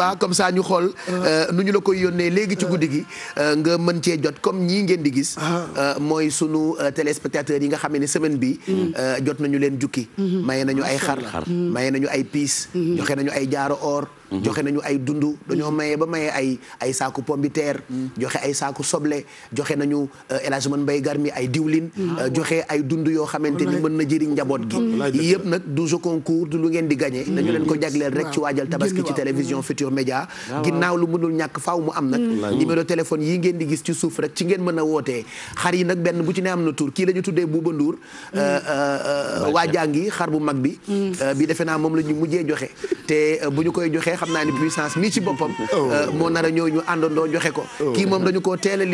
pas comme saa ñu xool euh, nu ñu la koy yónnee léegi ci guddi gi euh, nga mën cee jot comme ñii ngeen di gis ah. euh, mooy sunu téléspectateurs yi nga xam ne semaine bi mm. jot nañu leen jukki mm-hmm. maye nañu ay xar maye nañu ay piis mm-hmm. joxe nañu ay jaaro or Mm-hmm. joxe nañu ay dund dañoo maye ba maye ay ay saaku pombiteer mm-hmm. joxe ay saaku soble joxe nañu euh, El Hadj Man Mbaye Garmi ay diwlin mm-hmm. euh, ah, joxe ay dund yoo xamante ni mën na jëriñ njaboot gi yëpp nag du jeu concours du ngeen di gagné dañu leen ko jagleel rek ci waajal tabaski ci télévision Futur Média ah, ginnaaw lu mënul ñàkk faaw mu am nag numéro téléphone yi ngeen di gis ci suuf rek ci ngeen mën a wootee xar yi nag benn bu ci ne am na kii la ñu tuddee Bouba Ndour euh, waajaa ngi xar bu mag bi bi defe naa moom la ñu mujjee joxe te bu ñu koy joxee xam naa ni puissance mi ci boppam oh. euh, moo nar a ñëw ñu àndandoo joxe ko oh. kii moom dañu koo teel a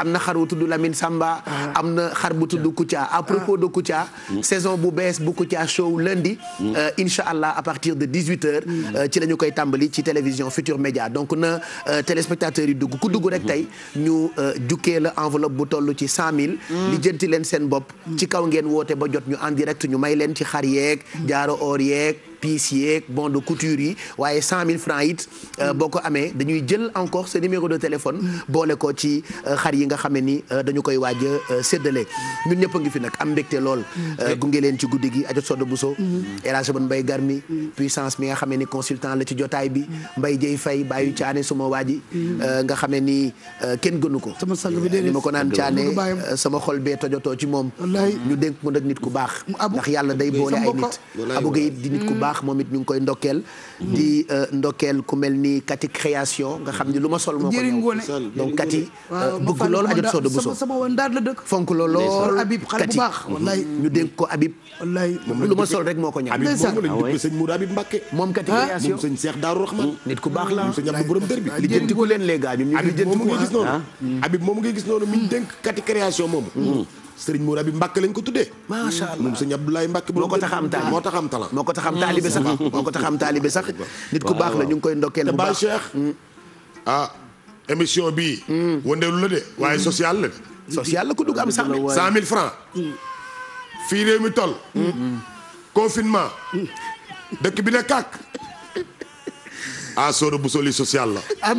am na xar bu tudd Lamine Samba ah. am na xar bu tudd Kouthia à propos de Kouthia mm. saison bu bees bu Kouthia show lundi mm. euh, incha allah à partir de 18 heures mm. euh, ci la koy tàmbali ci télévision Futur Média donc na téléspectateurs yi dugg ku dugg rek tey ñu jukkee la enveloppe bu toll ci 100000. li jënti leen seen bopp ci kaw ngeen woote ba jot ñu en direct ñu may leen ci xar yeeg jaaro oor yeeg pièces yeeg bon de couture yi waaye cent mille francs it euh, boo ko amee dañuy jël encore ce numéro de téléphone boole ko ci euh, xar yi nga xam ne ni euh, dañu koy waaj a séddale ñun a ngi fi nag am mbégte lool gunge leen ci guddi gi Adja Soda Bousso mm-hmm. El Hadj Ban Mbay Jëy Fay Bayu Caane suma waaji mm-hmm. nga xam ni kenn gënu ko ni ma ko naan Caane sama xol bee tojotoo ci moom ñu dénk mu nag nit ku baax ndax yàlla day boole ay nit abuga it di nit ku mm-hmm. baax baax moom it ñu ngi koy ndokkeel di euh, ndokkeel ku mel ni kati création nga xam ni lu ma sol moo ko ñëw donc kati euh, bëgg loolu ajot sooda bu so sama woon daal la dëkk fonk lool lool Habib xale bu baax wallaay ñu dénk ko Habib wallaay lu ma sol rek moo ko ñëw Habib moom lañ ah, dëkk sëñ Mourou Habib Mbacké moom kati ah. création moom sëñ hmm. nit ku baax la sëñ Abdou borom dër bi li jënti ko leen léegi ñu ñu jënti ko gis ah. noonu hmm. Habib moom ngay gis noonu mi ñu dénk kati création moom hmm. Serigne Moura bi Mbacke lañ ko tuddee. macha allah moom sëñ Abdoulaye Mbacke. moo ko moo tax am talib moo ko tax am taalibe sax moo ko tax am taalibe sax. nit ku baax la ñu ngi koy ndokkeel bu baax te hmm. ah émission bi hmm. wëndeelu la de waaye hmm. social la de. social la ku dugg am sax mille cent mille francs. fii réew mi tol confinement. dëkk bi ne kàkk. ah Soda Bousso social la. ah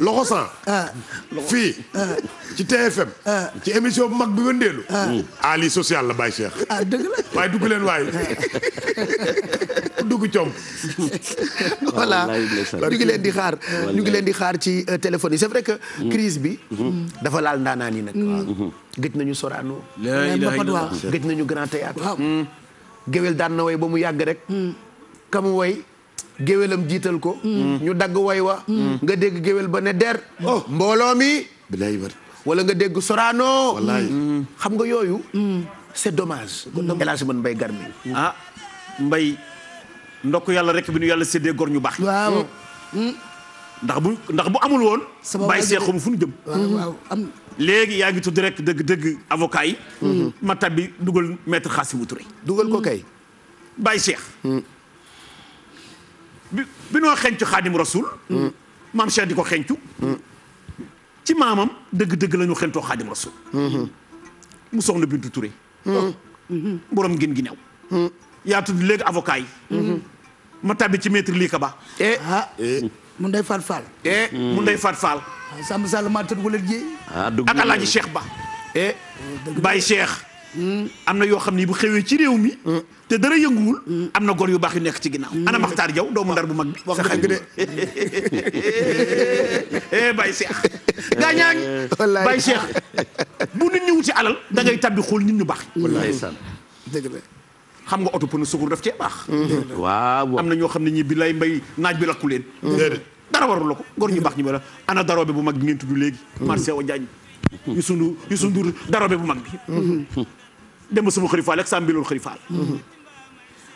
loxo san. Ah. fii. Ah. ci TFM. Ah. ci émission bu mag bi wëndeelu. ah lii social la Baye Cheikh. waaye dugg leen waaye. dugg coom. voilà ñu ngi leen di xaar ñu ngi leen di xaar ci euh, téléphone yi c'est vrai que. Mm-hmm. crise bi. Mm-hmm. dafa laal ndaanaan yi nag. Mm-hmm. gëj nañu Sorano. gëj nañu Grand Théâtre. Mm. géwél daan na way ba mu yàgg rek. Mm. kamu way. géwélam jiital ko ñu dagg way wa nga dégg géwel ba ne der oh. mbooloo mi bilaay war wala nga dégg soraanoo wallaay xam nga yooyu c'est dommage El Hadji man Mbaye Garmi mbay ah, Mbaye ndokk yàlla rek bi nu yàlla sedde gor ñu baax ndax bu ndax bu amul woon bàyyi seexum fu nu jëm am léegi yaa ngi tudd rek dëgg dëgg avocat yi mm-hmm. ma bi dugal maître Khassimou Touré dugal ko kay bàyyi seex mm. bi bi noo xencu xaadim rasul mm-hmm. maam Cheikh di ko xencu mm-hmm. ci maamam dëgg-dëgg la ñu xaadim rasul mm-hmm. mu soxna Bintu Touré borom ngeen gi new yaa tudd léegi avocat yi ma tàbbi ci maître lii ka ba eh. ah eh. mun day faat faal eh. mun day faat faal sàmm sall maa tëdd wala jéey ak alaaji Cheikh Ba bàyyi Cheikh am na yoo xam ne bu xewee ci réew mi. Mm. te dara yënguwul. Mm. am na gor yu baax yu nekk ci ginnaaw. Mm. ana Maxtaar Jaw doomu ndar bu mag bi. wax dëgg de eh Baye Cheikh. gaañaa ngi Baye Cheikh bu nit alal da ngay tabbi xool ñu baax. wallaahi sàn xam nga oto pneu secours daf cee baax. waaw am na ñoo xam ne ñi bi lay mbay naaj bi lakku leen. dara warul la ko gor ñu baax ñu ba ana daroobe bu mag bi ngeen léegi. marché wa Njaañ. yu sunu yu sunu daroo bu mag bi. dem ba sama xërifaal ak sàmbilul xërifaal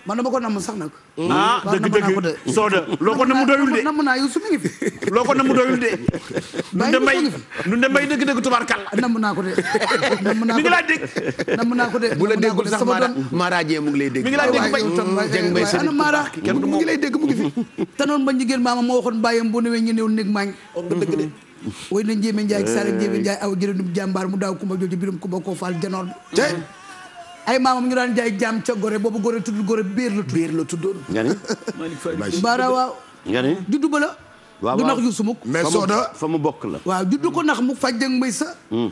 man dama ko namm sax nag. Hmm? ah dëgg dëgg Soda loo ko namm doyul de namm naa Youssouf ngi fi. loo ko namm doyul de. nun de mbay nun de mbay dëgg dëgg tubaarkàlla. Ah, namm naa ko de. namm naa ko de mi ngi naa ko de bu la déggul sax Mara Mara Dieng mu ngi lay dégg. mi ngi laa dégg mbay jeng mbay mu ngi fi. te noonu ba jigéen maama moo waxoon bàyyam bu newee ñu néew néeg maa oh, ngi. dëgg de. way na Ndiémé Ndiaye ak Sare Ndiémé Ndiaye aw jërëndum jàmbaar mu daaw kumba jooju biram kumba koo faal janoor ay maamam ñu daan jaay jaam ca gore boobu gore tudd gore biir la tudd. biir la tuddoon. nga ni Malick Faye Bara waaw. nga ni juddu ba la. waaw du nax yu sumuk. fa mu bokk la. waaw juddu ko nax mu faj jëng may sa. Hmm.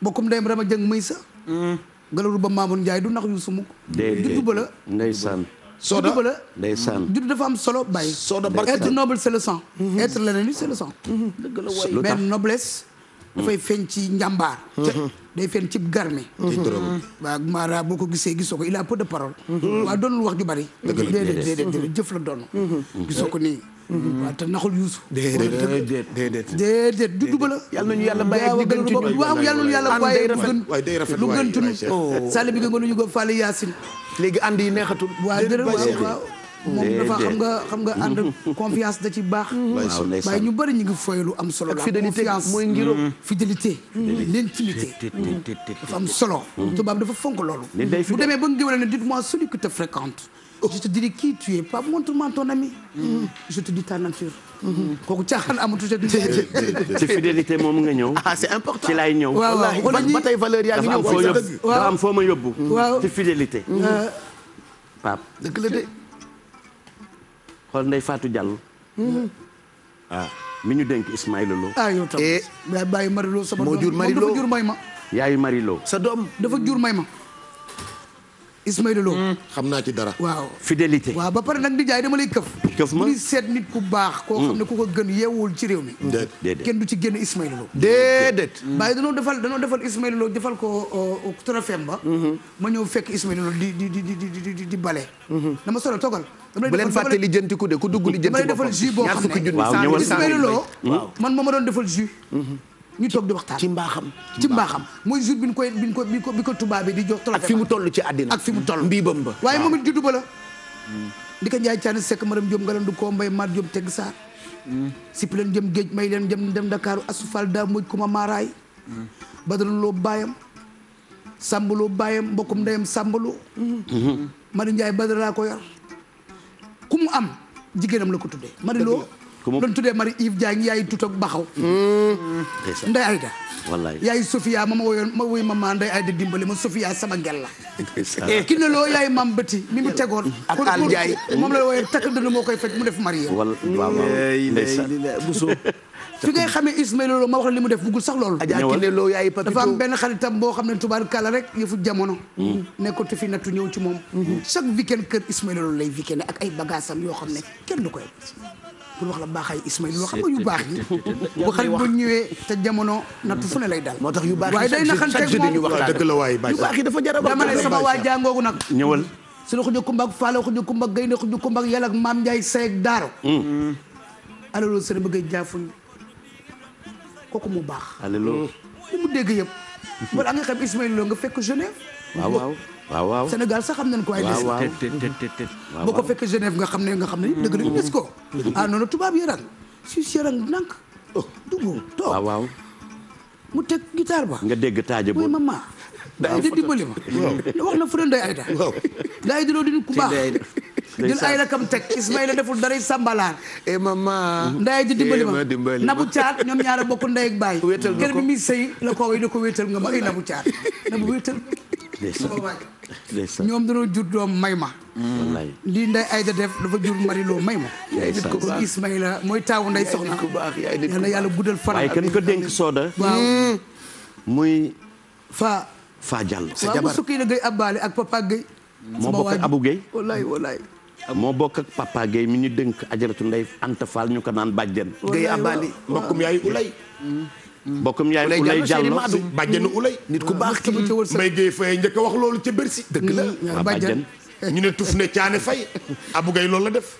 bokkum ndeyam rama jëng may sa. Hmm. galaru ba Mamoun Ndiaye du nax yu sumuk. déedéet juddu ba la. ndeysaan. Soda juddu ba la. ndeysaan juddu dafa am solo bay Soda barke être noble c'est le sang. Hmm. être leneen c'est le sang. dëgg la waay mais noblesse. dafay feeñ ci njàmbaar. day feeñ ci garme. waaw Mara boo ko gisee gisoo ko il a peu de parole. waaw doonul wax ju bari. déedéet déedéet la doon. Mm-hmm. gisoo ko nii. Mm-hmm. waaw te naxul yuusu. déedéet déedéet déedéet du duba la. yal nañu yàlla bàyyi ak diggantu ñu waaw yal nañu yàlla bàyyi lu gën waay oh. bi nga gën a ñu ko Fallou Yacine. léegi ànd yi neexatul. waa dërëm waaw moom dafa xam nga xam nga ànd confiance da ci baax waaye ñu bari ñu ngi foye lu am solo la confiance mooy ngiro mm. fidélité mm. l'intimité dafa am solo mm. tubaab dafa fonk loolu bu demee ba ngéwale ne dites-moi celui que te fréquente je te dirai qui tu es pas montre-moi ton ami je te dis ta nature kooku caaxaan amatu ci ci fidélité moom nga ñëw. ah c'est important ci laay ñëw. waaw waaw ba tey am foo ma yóbbu. waaw ci fidélité. Euh. Pape dëgg xool Ndeye Fatou Diallo. Hmm. ah mi ñu dénk Ismaïla Lo. ah yow tam eh. bàyyi Marilo sama moo jur mari moom may ma. yaayu Marilo. sa doom defa jur may ma. Ismaïla Lo hmm. xam naa ci dara waaw fidélité waaw ba pare nag di jaay dama lay këf këf ma ni seet nit ku baax koo hmm. xam ne ku ko gën yeewul ci réew mi déedéet kenn du ci génn Ismaïla Lo déedéet waaye hmm. danoo defal danoo defal Ismaïla Lo defal ko euh, trophée ba ma ñëw fekk Ismaïla Lo di di di di di di bale dama solo toogal bu leen fàtte li jënti ku de ku dugg li jënti boppam ñaar fukki junni waaw ñëwal Ismaïla Lo man moo ma doon defal jus ñu toog di waxtaan ci mbaaxam ci mbaaxam mooy jour bi ñu koy bi ñu ko bi ko bi di jox trophée ak fi mu toll ci àddina ak fi mu toll mbiibam ba waaye moom it juddu ba la hmm. di ko njaay caani sekk maram jom ngalandu koo mbay maat jom teg saar hmm. sipp jëm géej may leen jëm dem dakaaru asufal daa moj kuma maaraay hmm. badalu loo baayam sambaloo baayam mbokkum ndeyam sàmbaloo mari njaay badara ko yar ku mu am jigéenam la ko tuddee mari loo ku doon tuddee Marie Yves Diagne yaay tut ak baxaw nday Ayda wallaay yaay Sofia ma ma woyoon ma woy ma maa nday Ayda dimbali ma Sofia sama gel la eh, ki ne loo yaay maam mi mu tegoon ak Al Ndiaye moom la wooyee takk dënn moo koy fekk mu def Marie waaw waaw bu soo fi ngay xamee Ismaël Lo ma wax la li mu def buggul sax loolu Adja Kine Lo yaay Papito dafa am benn xaritam boo xam ne tubaar kala rek yëfu jamono hmm. nekkatu fi nattu ñëw ci moom hmm. Hmm. chaque weekend kër Ismaël Lo lay weekend ak ay bagaasam yoo xam ne kenn du koy pour wax la baaxay Ismaël Lo xam nga yu baax yi bu xarit ba ñëwee te jamono nattu fu ne lay dal moo tax yu baax yi waaye day naxanteeg moom dëgg la waay yu baax yi dafa jar a dama ne sama waa jàngoogu nag ñëwal sunu xuju kumbag faalo xuju kumbag gaynde xuju kumbag yàlla ak maam Njaay seeg daaro alolo sëriñ bëgg jaafuñ kooku mu baax. allo. li mu dégg yëpp. wala nga xam Ismaël Lo nga fekk Genève. waaw waaw. waaw waaw Sénégal sax xam nañ ko ay des boo ko fekkee Genève nga xam ne nga xam ne dëgg nañu des ko a ah, noonu tubaab yaran si yaran ndànk oh. dugg toog waaw mu teg guitare ba nga dégg taaja boobu muy mama da di dimbali ma wax na fëran day ay da gars yi di loolu di ku baax jël ay rakam teg Ismaïla deful dara sambalaar e eh, maman ndey ji dimbali ma eh, nabu caat ñoom ñaar bokk ndey ak baay kër bi mi sëy la ko way di ko wéetal nga ma ay nabu caat nabu wéetal ñoom dañoo jur doom may ma lii nday ayda def dafa jur mariloo may ma nit ko Ismaïla mooy taawu nday soxna yàlla yàlla guddal fan waaye kan ko dénk sooda waaw hmm. muy fa fa jàll sa jabar waaw bu sukki na gay abbaale ak papa gay moo bokk abu gay wallaay wallaay moo bokk ak papa Guèye mi ñu dënk ajaratu ndey Anta Fall ñu ko naan bàjjen Guèye Abali mbokkum yaayu ulay mbokkum yaay ulay jàllo bàjjenu ulay nit ku baax ki mbay Guèye Faye njëkk a wax loolu ca Bercy dëgg la bàjjen ñu ne tuf ne caane fay abu gay loolu la def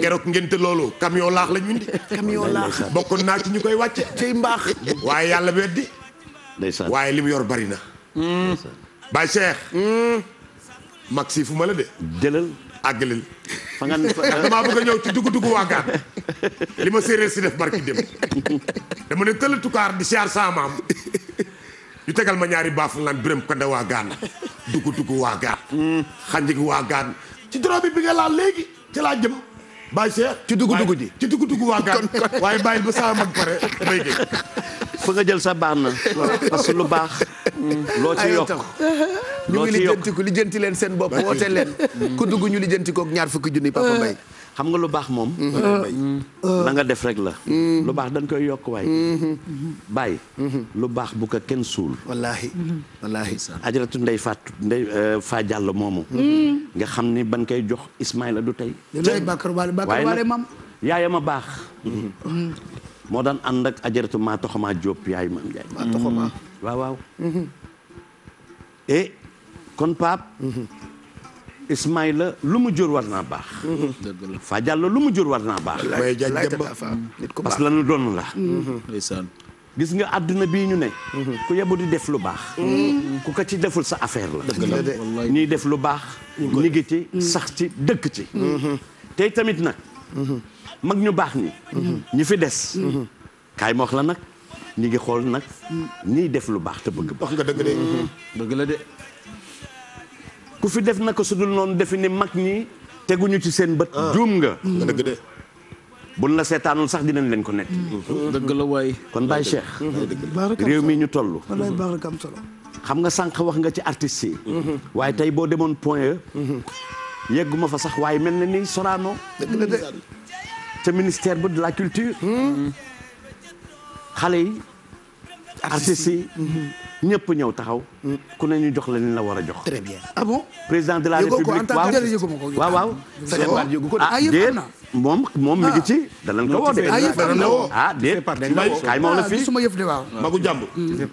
geroog ngénte loolu camion laax la ñu camion laax bokkoon naa ci ñu koy wàcce cay mbaax waaye yàlla weddi waaye li mu yor bari na Baye Cheikh hmm. mag si fu ma la de jëlal àggalil fa nga damaa bëgg a ñëw ci dugg dugg waagaan li ma séeréer si def barki dem dama ne tëll tukaar di siyaar saa maam ñu tegal ma ñaari baaf naan biram kande waagaan dugg dugg waagaan hmm. xanjig waagaan ci droit bi bi nga laal léegi ci laa jëm bàyyi seex ci dugg dugg ji ci dugg dugg waa gaan waaye bàyyil ba saa mag pare bay gi nga jël sa baax na parce que lu baax loo ci yokk ñu ngi lijjantiku lijjanti leen seen bopp woote leen ku dugg ñu lijjanti kook ñaar fukki junni Papa Mbaye xam nga lu baax moom la mm-hmm. mm-hmm. nga def rek la mm-hmm. lu baax dañ koy yokk waay bàyyi lu baax bu ko kenn suul wallaahi wallaahi ajaratu ndey faat ndey euh, faa jàll moomu nga xam ni ban koy jox Ismaïla du tey waaye nag yaayam a baax moo daan ànd ak ajaratu maa toxamaa jóob yaay maam jaay waaw waaw e kon paap la lu mu jur war naa baax. Fa Diallo lu mu jur war naa baax. waaye parce que lanu doon la. Mhm. gis nga àdduna bii ñu ne. Mhm. ku yebu di def lu baax. Mhm. ku ko ci deful sa affaire la. ñuy def lu baax. ñu ngi ci sax ci dëkk ci. tey tamit nag. mag ñu baax ñi. ñi fi des. kaay ma wax la nag ñi ngi xool nag ñiy def lu baax te bëgg. wax nga dëgg ku fi def naka dul noonu defi ni mag ñi teguñu ci seen bët ah. juum nga mm. dëgg de la seetaanul sax dinañ leen ko nekk mm. mm. dëgg la waay kon Baye Cheikh mm-hmm. réew mi ñu toll mm-hmm. xam nga sànq wax nga ci artistes yi mm-hmm. waaye tey boo demoon point e yegguma fa sax waaye mel na ni soraanoo dëgg la ca ministère ba de la culture xale yi artistes yi mm-hmm. ñëpp ñëw taxaw mm-hmm. ku ne ñu jox la ñu la war a jox très bien ah bon président de la république waaw waaw waaw ah, ah, moom moom mi ngi ah. ci danañ ko woo de ah déet kaay ma la fii suma yëf de waaw magu jàmb mm.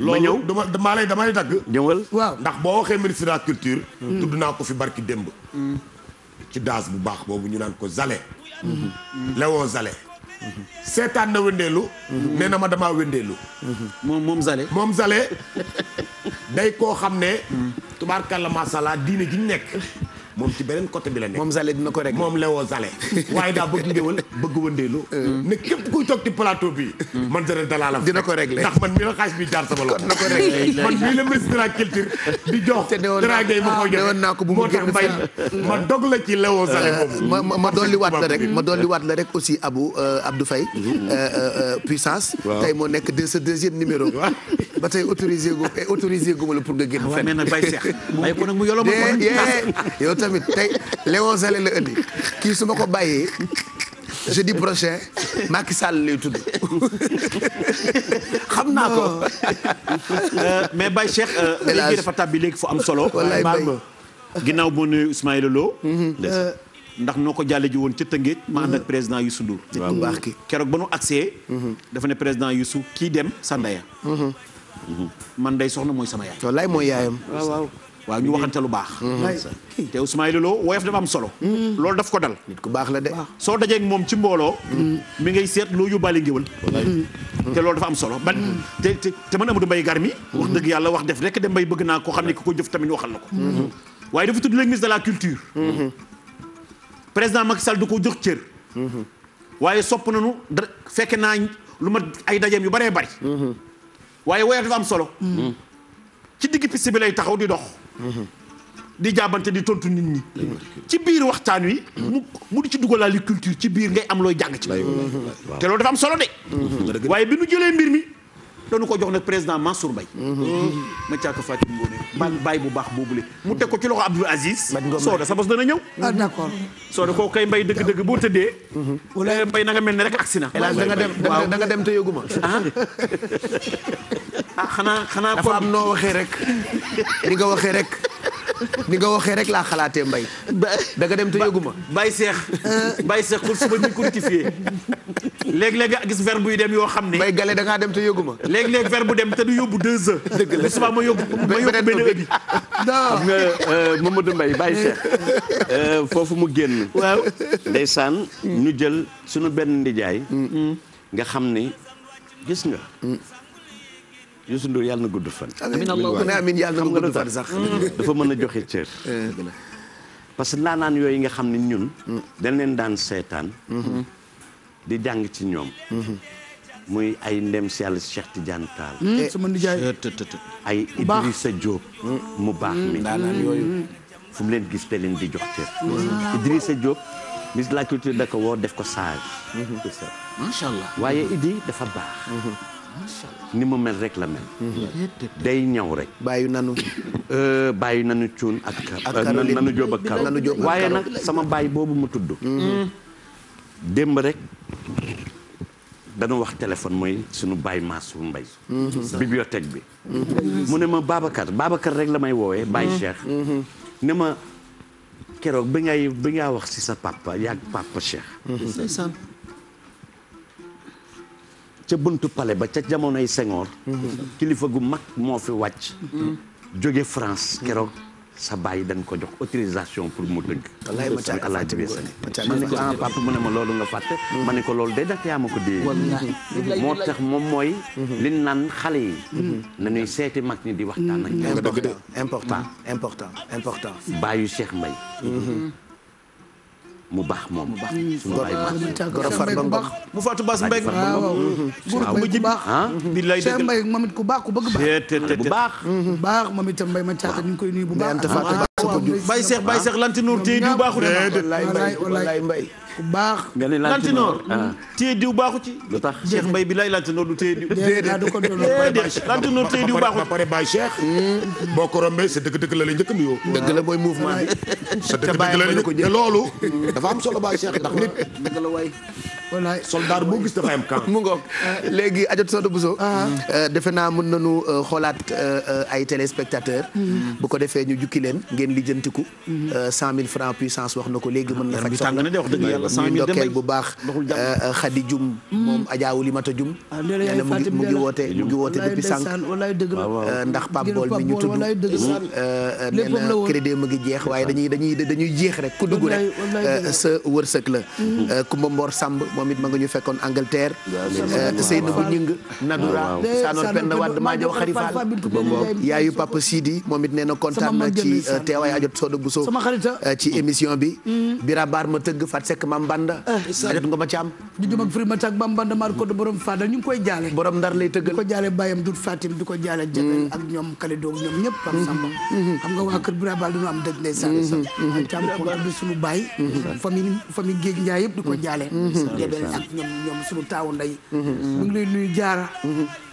ma ñëw damaa lay dama lay dagg ñëwal waaw ndax boo waxee ministre de la culture mm. tudd naa ko fi barki démb mm. ci daas bu baax boobu ñu naan ko zale lewoo zale seetaan na wëndeelu. nee na ma damaa wëndeelu. moom moom Zale. moom sale day koo xam ne. tubaarkalla maasàllaa diine ji ñu nekk. moom ci beneen côté bi la nekk moom Zale dina ko rek moom la Zale waaye daa bëgg ngéwal bëgg wëndeelu euh. ne képp kuy toog ci plateau bi mm. man dara dalaa la dina ko réglé ndax man mii la xaalis bi jaar sama loxo dina ko réglé man mii la ministre culture di jox dara ngay ma ko jox naa ko bu mu génn mbay ma dog la ci la Zale moom euh, ma dolli waat la rek ma dolli waat la rek aussi Abou euh, Abdou Faye mm-hmm. puissance tey moo nekk de sa deuxième numéro ba tey autorisé gu autorisé gu ma la pour nga génn fenn tamit tey Léon Zélé la indi kii su ma ko bàyyee jeudi prochain Macky Sall lay tudd xam naa ko. Euh, mais Baye Cheikh. Euh, léegi dafa tàbbi léegi fu am solo. wallaay Baye ginnaaw boo nuyu Ismaïla Lo. Mm-hmm. Euh. ndax noo ko jàlle ji woon ca Tëngéej. ma ànd ak mm-hmm. président Youssou Ndour. waaw baax ki keroog ba nu accès. Mm-hmm. dafa ne président Youssou kii dem Sandaya. man day soxna mooy sama yaay. wallaay mooy yaayam. waaw ñu waxante lu baax mhm. te Ismaïla Lo woyof dafa am solo mhm. loolu daf ko dal nit ku baax la de soo dajee moom ci mbooloo mhm. mi ngay seet loo yóbbaale ngéwal te loolu dafa am solo ban te te man Amadou Mbaye gar mi wax dëgg yàlla wax def rekk dem mbay bëgg naa ko xam ne ki ko jëf tamit waxal na ko waaye dafa tudd le ministre de la culture président Macky sal du ko jox cër waaye sopp nañu da fekke naa lu ma ay dajeem yu bëree bari waaye woyof dafa am solo ci digg piste bi lay taxaw di dox di jaabante di tontu nit ñi. ci biir waxtaan wi. mu mu di ci dugalaali culture ci biir ngay am looy jàng ci. te loolu dafa am solo de. waaye bi nu jëlee mbir mi. dañu ko jox nag président Mansour bay mm-hmm. ma càkk Fatim Ngoné ba bu baax boobule mu teg ko ci loxo Abdoul Aziz sooda sa bos dana ñëw ah d'accord sooda koo kay mbay dëgg-dëgg boo tëddee mm-hmm. eh, mbay nanga mel ne rek agsi na danga dem da nga dem te yëguma ah, ah xanaa xanaa dafa am noo waxee rek li nga waxee rek ni nga waxee rek laa xalaatee mbay da nga dem te yëgu ma bay seex euh. bay seex pour su ma ñu cultifié léeg-léeg nga gis verbe buy dem yoo xam ne bay gale da ngaa dem te yëgu ma léeg-léeg verbe bu dem te du yóbbu deux heures dëgg la suba ma yóbbu ma yóbbu benn heure bi xam nga euh, Mamadou Mbaye bay seex euh, foofu mu génn waaw ndeysaan ñu jël suñu benn ndijaay nga xam ni gis nga mm. Youssou Ndour yàlla na gudd fan. amiin amiin amiin yàlla na gudd fan dafa mën a joxe cër. Eh, parce que ndaanaan yooyu nga xam ne ñun. Mm. dañ leen daan seetaan. Mm-hmm. di jàng ci ñoom. Mm-hmm. muy ay ndem si yàlla Cheikh Tidiane Tall. Mm, eh. sama nijaay eh, ay Idrissa Diop. Mm. mu baax mi ndaanaan yooyu. fu mu leen gis te di jox cër. Mm-hmm. Idrissa Diop ministre de la culture da ko woo def ko sage. macha waaye Idi dafa baax. ni mu mel rek la mel. Mm-hmm. Mm-hmm. day ñaw rek. bàyyi nanu. Euh, bàyyi nanu cuun ak. ak euh, nanu jóob ak waaye nag sama bàyyi boobu mu tudd. Mm-hmm. démb rek dañu wax téléphone mooy sunu bàyyi Mansour Mbaye. bibliothèque bi. mu ne ma Babacar Babacar rek la may woowee bàyyi Cheikh. ne ma keroog bi ngay bi ngaa wax ci sa papa yaag papa Cheikh. ca buntu pale ba ca jamonoy Senghor kilifa gu mag moo fi wàcc jóge France keroog sa baay dañ ko jox autorisation pour mu dëgg san alaaji bi sani ma ne ko ah papa mu ne ma loolu nga fàtte ma ne ko loolu day dax yaa ma ko dee moo tax moom mooy li naan xale yi mhm. nañuy seeti mag ñi di waxtaan ak important important important baayu Cheikh Mbaye mhm. mu baax moom. mu baax suñu baay bu baax mu faatu baas mbéy. waaw mu ji baax. billaay dëgg la mbay moom it ku baax ku bëgg baax. bu baax. Mm-hmm. baax moom itam mbay ma caaka ñu ngi koy nii bu baax. Ah, waaw waaw waaw Baye Cheikh Baye Cheikh lanti nuur tey du baaxu de. wallaay mbay bu baax. nga ne lantinoor ah. téye diw baaxu ci. lu tax Cheikh Mbaye bi lay lantinoor du téye diw. déedéet déedéet lantinoor téye diw baaxu ci. ba pare Baye hmm. boo ko rombee sa dëgg dëgg lal la njëkk a nuyoo. dëgg la booy mouvement bi. sa dëgg dëgg la la te loolu. dafa am solo Baye Cheikh ndax nit. wallaay soldat boo gis dafa am camp. mu ngoog léegi ajot Sow de Bousso. Ah. Euh, defe naa mën nañu euh, xoolaat euh, ay téléspectateurs. Mm-hmm. bu ko defee ñu jukki leen ngeen lijjantiku. 100000 mm-hmm. francs puissance wax na ko léegi mën na faj soxla. ñu ndokkeel bu baax. Khady Dioum. Mm-hmm. moom Adja Oulimata Dioum. Ah, nee na mu ngi mu ngi woote mu ngi woote depuis sànq. ndax Pape Bool mi ñu tudd. nee na crédit mu ngi jeex waaye dañuy dañuy dañuy jeex rek ku dugg rek sa wërsëg la. Kumba Mbor Samb. moom ma nga ñu fekkoon Angleterre. Seynabou Gningue Nadoura Sanor Penda Wade Madiaw Xarifal yaayu Papa Sidi moom it nee na kontaan na ci euh, teewaay ajot Soda Bousso euh, ci mm. émission bi mm. Bira Bar ma tëgg Fat Seck Mam Banda eh, ajot nga ma ci am ñu jëm ak firi ma tag Mam Banda maar ko do borom Fadal ñu ngi koy jaale borom Ndar lay tëggal ko jaale Bayam Dut Fatim di ko jaale Jabel mm. ak ñoom Kalidou ñoom ñëpp Pam mm-hmm. Samba mm-hmm. xam nga waa kër Bira Bar dañu am dëj ndeysaan càmm ko di suñu baay mm-hmm. famille Géej Njaay yëpp beneen ak ñoom ñoom sunu taawu ndey mm-hmm. ñu ngi lay nuyu jaara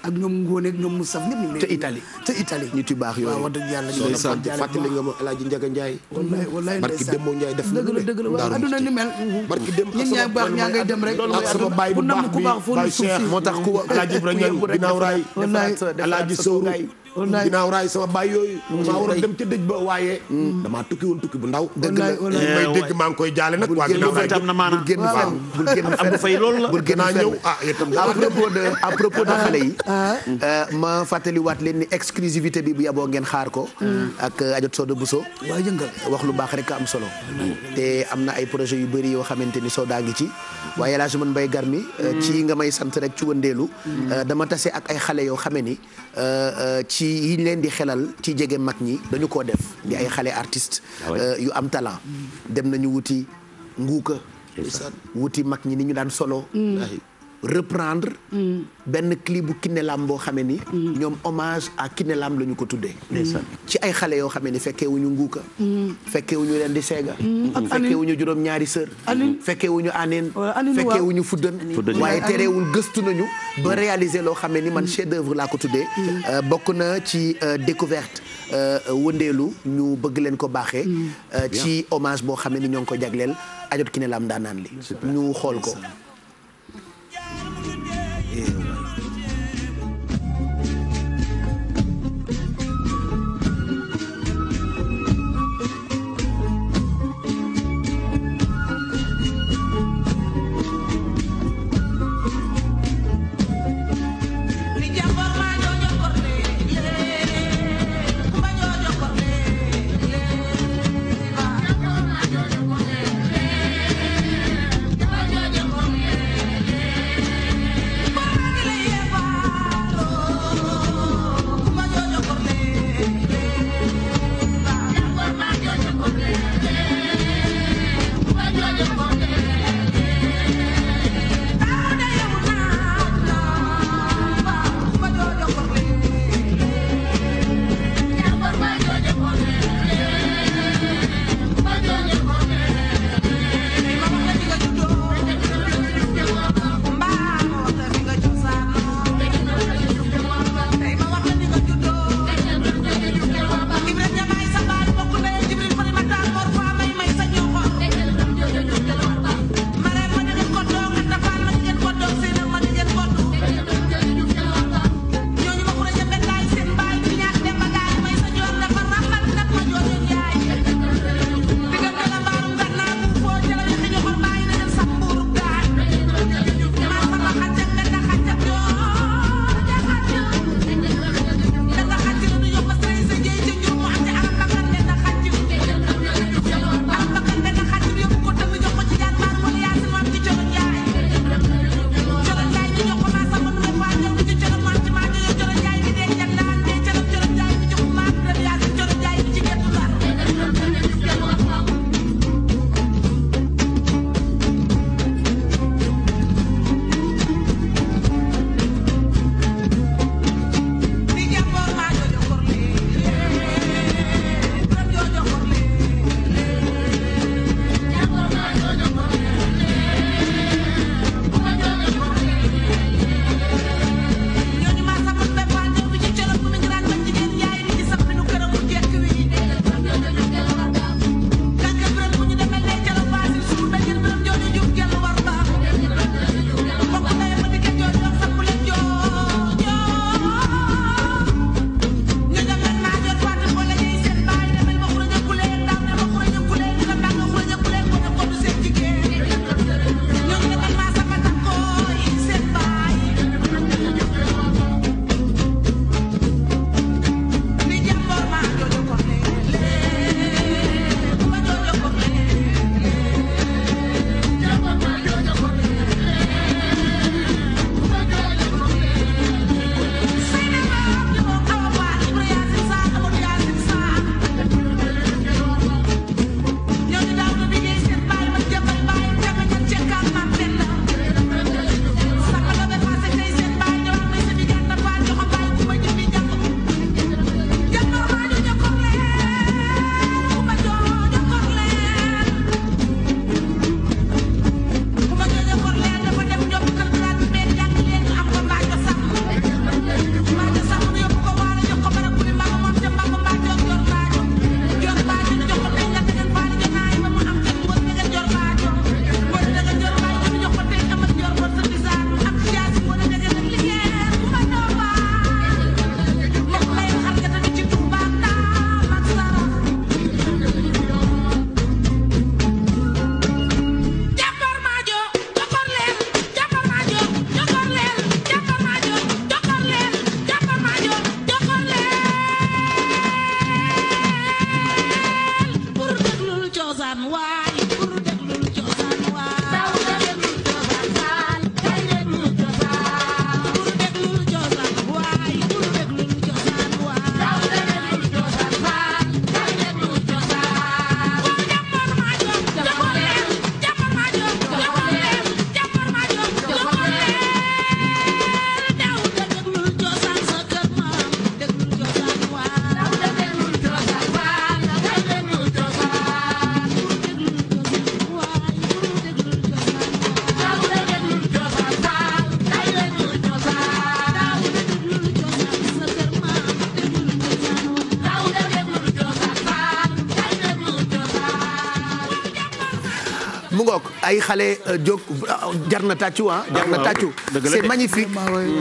ak ñoom Ngone ak ñoom Moussa ñëpp ñu ngi lay ca Italie ca Italie nit yu baax yooyu waaw wax dëgg yàlla ñu fàttali nga ma El Hadj Ndiaga Ndiaye wallaay wallaay barki dem moo Ndiaye def na dëgg la dëgg la waaw adduna ni mel barki dem ñun ñaa baax ñaa ngay dem rek ak sama baay bu baax bi baay Cheikh moo tax ku El Hadj Ibrahima ginnaaw raay El Hadj Sowru ginnaaw raay a baay yooyu mm. maa war a dem ca dëj ba waaye mm. damaa tukki woon tukki bu ndaw dëgg la eh, may dégg maa ngi koy jaale nag waa ginnaaw na maanaam bul génn fenn bul génn fenn fay loolu la bul génn ñëw ah itam propos de ah. xale yi ah. euh, ma fàttaliwaat leen ni exclusivité bi bu yaboo ngeen xaar ko mm. ak euh, ajot Soda Bousso waa jëngal wax lu baax rek am solo am na ay projet yu bëri yoo xamante ni Soda ngi ci waaye laa su mën bay gar mi euh, ci nga may sant rek ci wëndeelu dama tase ak ay xale yoo xame ni ci yiñ leen di xelal ci jege mag ñi dañu ko def di ay xale artiste ah euh, yu am talent mm. dem nañu wuti nguuka wuti mag ñi ni ñu daan solo mm. reprendre mm. benn clip bu Kiné Lam boo xamee ni mm. ñoom hommage à Kiné Lam la ko tuddee ci ay xale yoo xamee ni fekkee wuñu nguuka fekkee wuñu leen mm. di seega fekkee ñu juróom ñaari sër fekkee wuñu aneen fekkee wuñu fuddan waaye terewul gëstu nañu ba réaliser loo xamee ni man chef d'œuvre laa ko tuddee euh, bokk na ci euh, découverte euh, wëndeelu ñu bëgg leen ko baaxee ci hommage boo xamee ni ñoo ngi ko jagleel ajot Kiné Lam daanaan li ñu xool ko xale euh, jóg euh, jar na tàccu ah jar na ah, tàccu c'est magnifique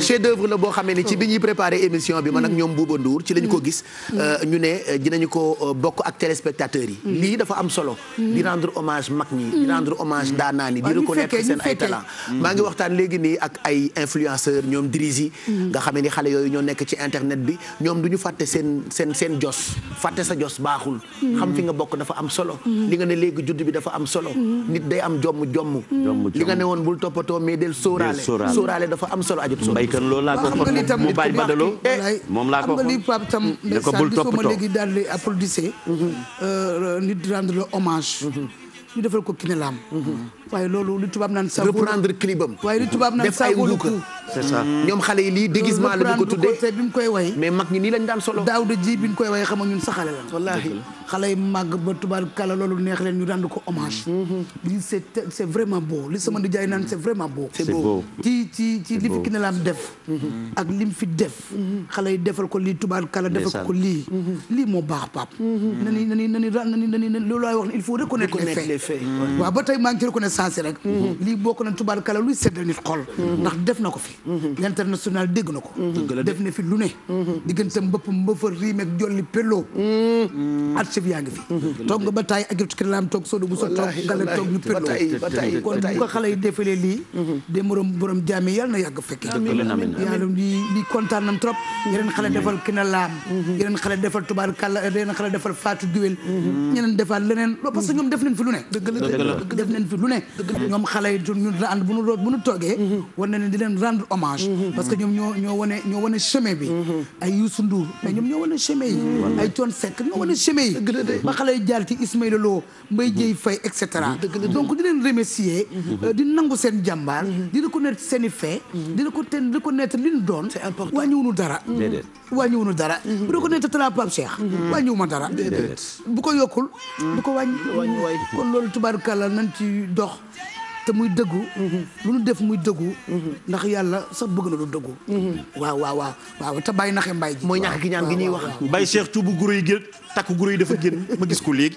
chef d'œuvre la boo xamee ni ci bi ñuy préparer émission bi man ak ñoom Bouba Ndour ci lañ ko mm. gis euh, ñu ne ji nañu ko bokk ak téléspectateurs yi mm. lii dafa am solo mm. di rendre hommage mag ñi di rendre hommage ndaanaan yi di reconnaître seen ay talent maa ngi waxtaan léegi nii ak ay influenceur ñoom Drizzy nga xamee ni xale yooyu ñoo nekk ci internet bi ñoom du ñu fàtte seen seen seen jos fàtte sa jos baaxul xam fi nga bokk dafa am solo li nga ne léegi judd bi dafa am solo nit day am jomm jomm li nga ne woon bul toppatoo mais del sóoraale sóoraale dafa am solo ajut so baykan loolu laa ko xam mu bàyyi badaloo eh, moom laa ko xam nga li pap tam mm. ko bul toppatoo léegi daal di applaudissé mm-hmm. euh, nit di rendre le hommage mm-hmm. ñu defal ko Kiné Lam mm-hmm. waaye loolu tubaab naan sa reprendre clip am waaye li tubaab naan sa def ay c'est ça ñoom xale yi lii déguisement la ñu ko tuddee bi mu koy way mais mag ñi nii lañ daan solo daaw de ji bi ñu koy way xam nga ñun sa xale la wallaahi xale yi màgg ba tubaab kala loolu neex leen ñu daan ko hommage mm-hmm. Mm-hmm. lii c'est c'est vraiment beau li sama nijaay naan c'est vraiment beau c'est beau ci ci ci li fi ki ne laam def mm-hmm. ak lim fi def xale yi defal ko lii tubaab kala defal ko lii lii moo baax pap nani nani nani nani nani loolu laay wax ne il faut reconnaître les faits waaw ba tey maa ngi ci reconnaissance rek lii bokk na tubaab kala luy sedd nit xol ndax def na ko fi Mm-hmm. international dégg na ko mm-hmm. def na fi lu ne mm-hmm. diggantam bëpp mbëfa riim ak jolli pello at chef yaa ngi fi toog nga ba taay agriculture laam toog xale yi defalee de morom borom jaami na yàgg fekke yàlla di di kontaan nam trop yeneen xale defal kina laam yeneen xale defal tubaar kàlla yeneen faatu duwel ñeneen defal leneen loolu parce la na leen hommage mm-hmm. parce que ñoom ñoo ñoo wane ñoo wane bi mm-hmm. ay Youssou Ndour mais ñoom ñoo wane chemin yi mm-hmm. ay Thione Seck ñoo wane chemin yi ba xale yi jaar ci Ismaïla Lo Mbaye Dieye Faye donc di leen remercier euh, di nangu seen jàmbaar dina ko seen i fait di reconnaître li ñu doon waa ñëwunu dara waa ñëwunu dara bu reconnaître tala Pape Cheikh waa ñëwuma dara bu ko yokkul bu ko wàññi kon loolu tubaarkàlla nañ ci dox te muy dëggu mhm. lu nu def muy dëggu mhm. ndax yàlla sax bëgg na lu dëggu mhm. waaw waaw waaw waaw te bàyyi naxe mbay ji mooy ñàkk gi ñaan gi ñuy wax bay Cheikh cuubu guro yi gén takk guro yi dafa génn ma gis ko léegi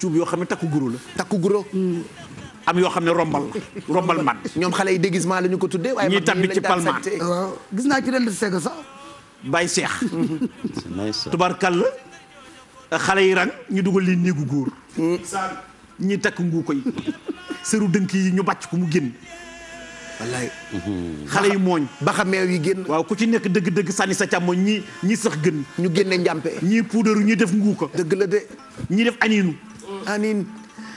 cuub yoo xam ne takku guro la takku guro am yoo xam ne rombal la rombal man ñoom xale yi déguisement lañu ko tuddee waaye ñi tabbi ci palmaan waaw gis naa ci ren di segg sax bay Cheikh tubaarkàlla xale yi rang ñu dugal leen néegu góor ñi takk nguu ko yi sëru dënk yi ñu bàcc ko mu génn yi xale yu mooñ baxa meew yi génn waaw ku ci nekk dëgg-dëgg sànni sa càmmooñ ñi ñi sax gën ñu génne njàmpe ñii puudaru ñi def nguu ko dëgg la de ñi def aniinu aniin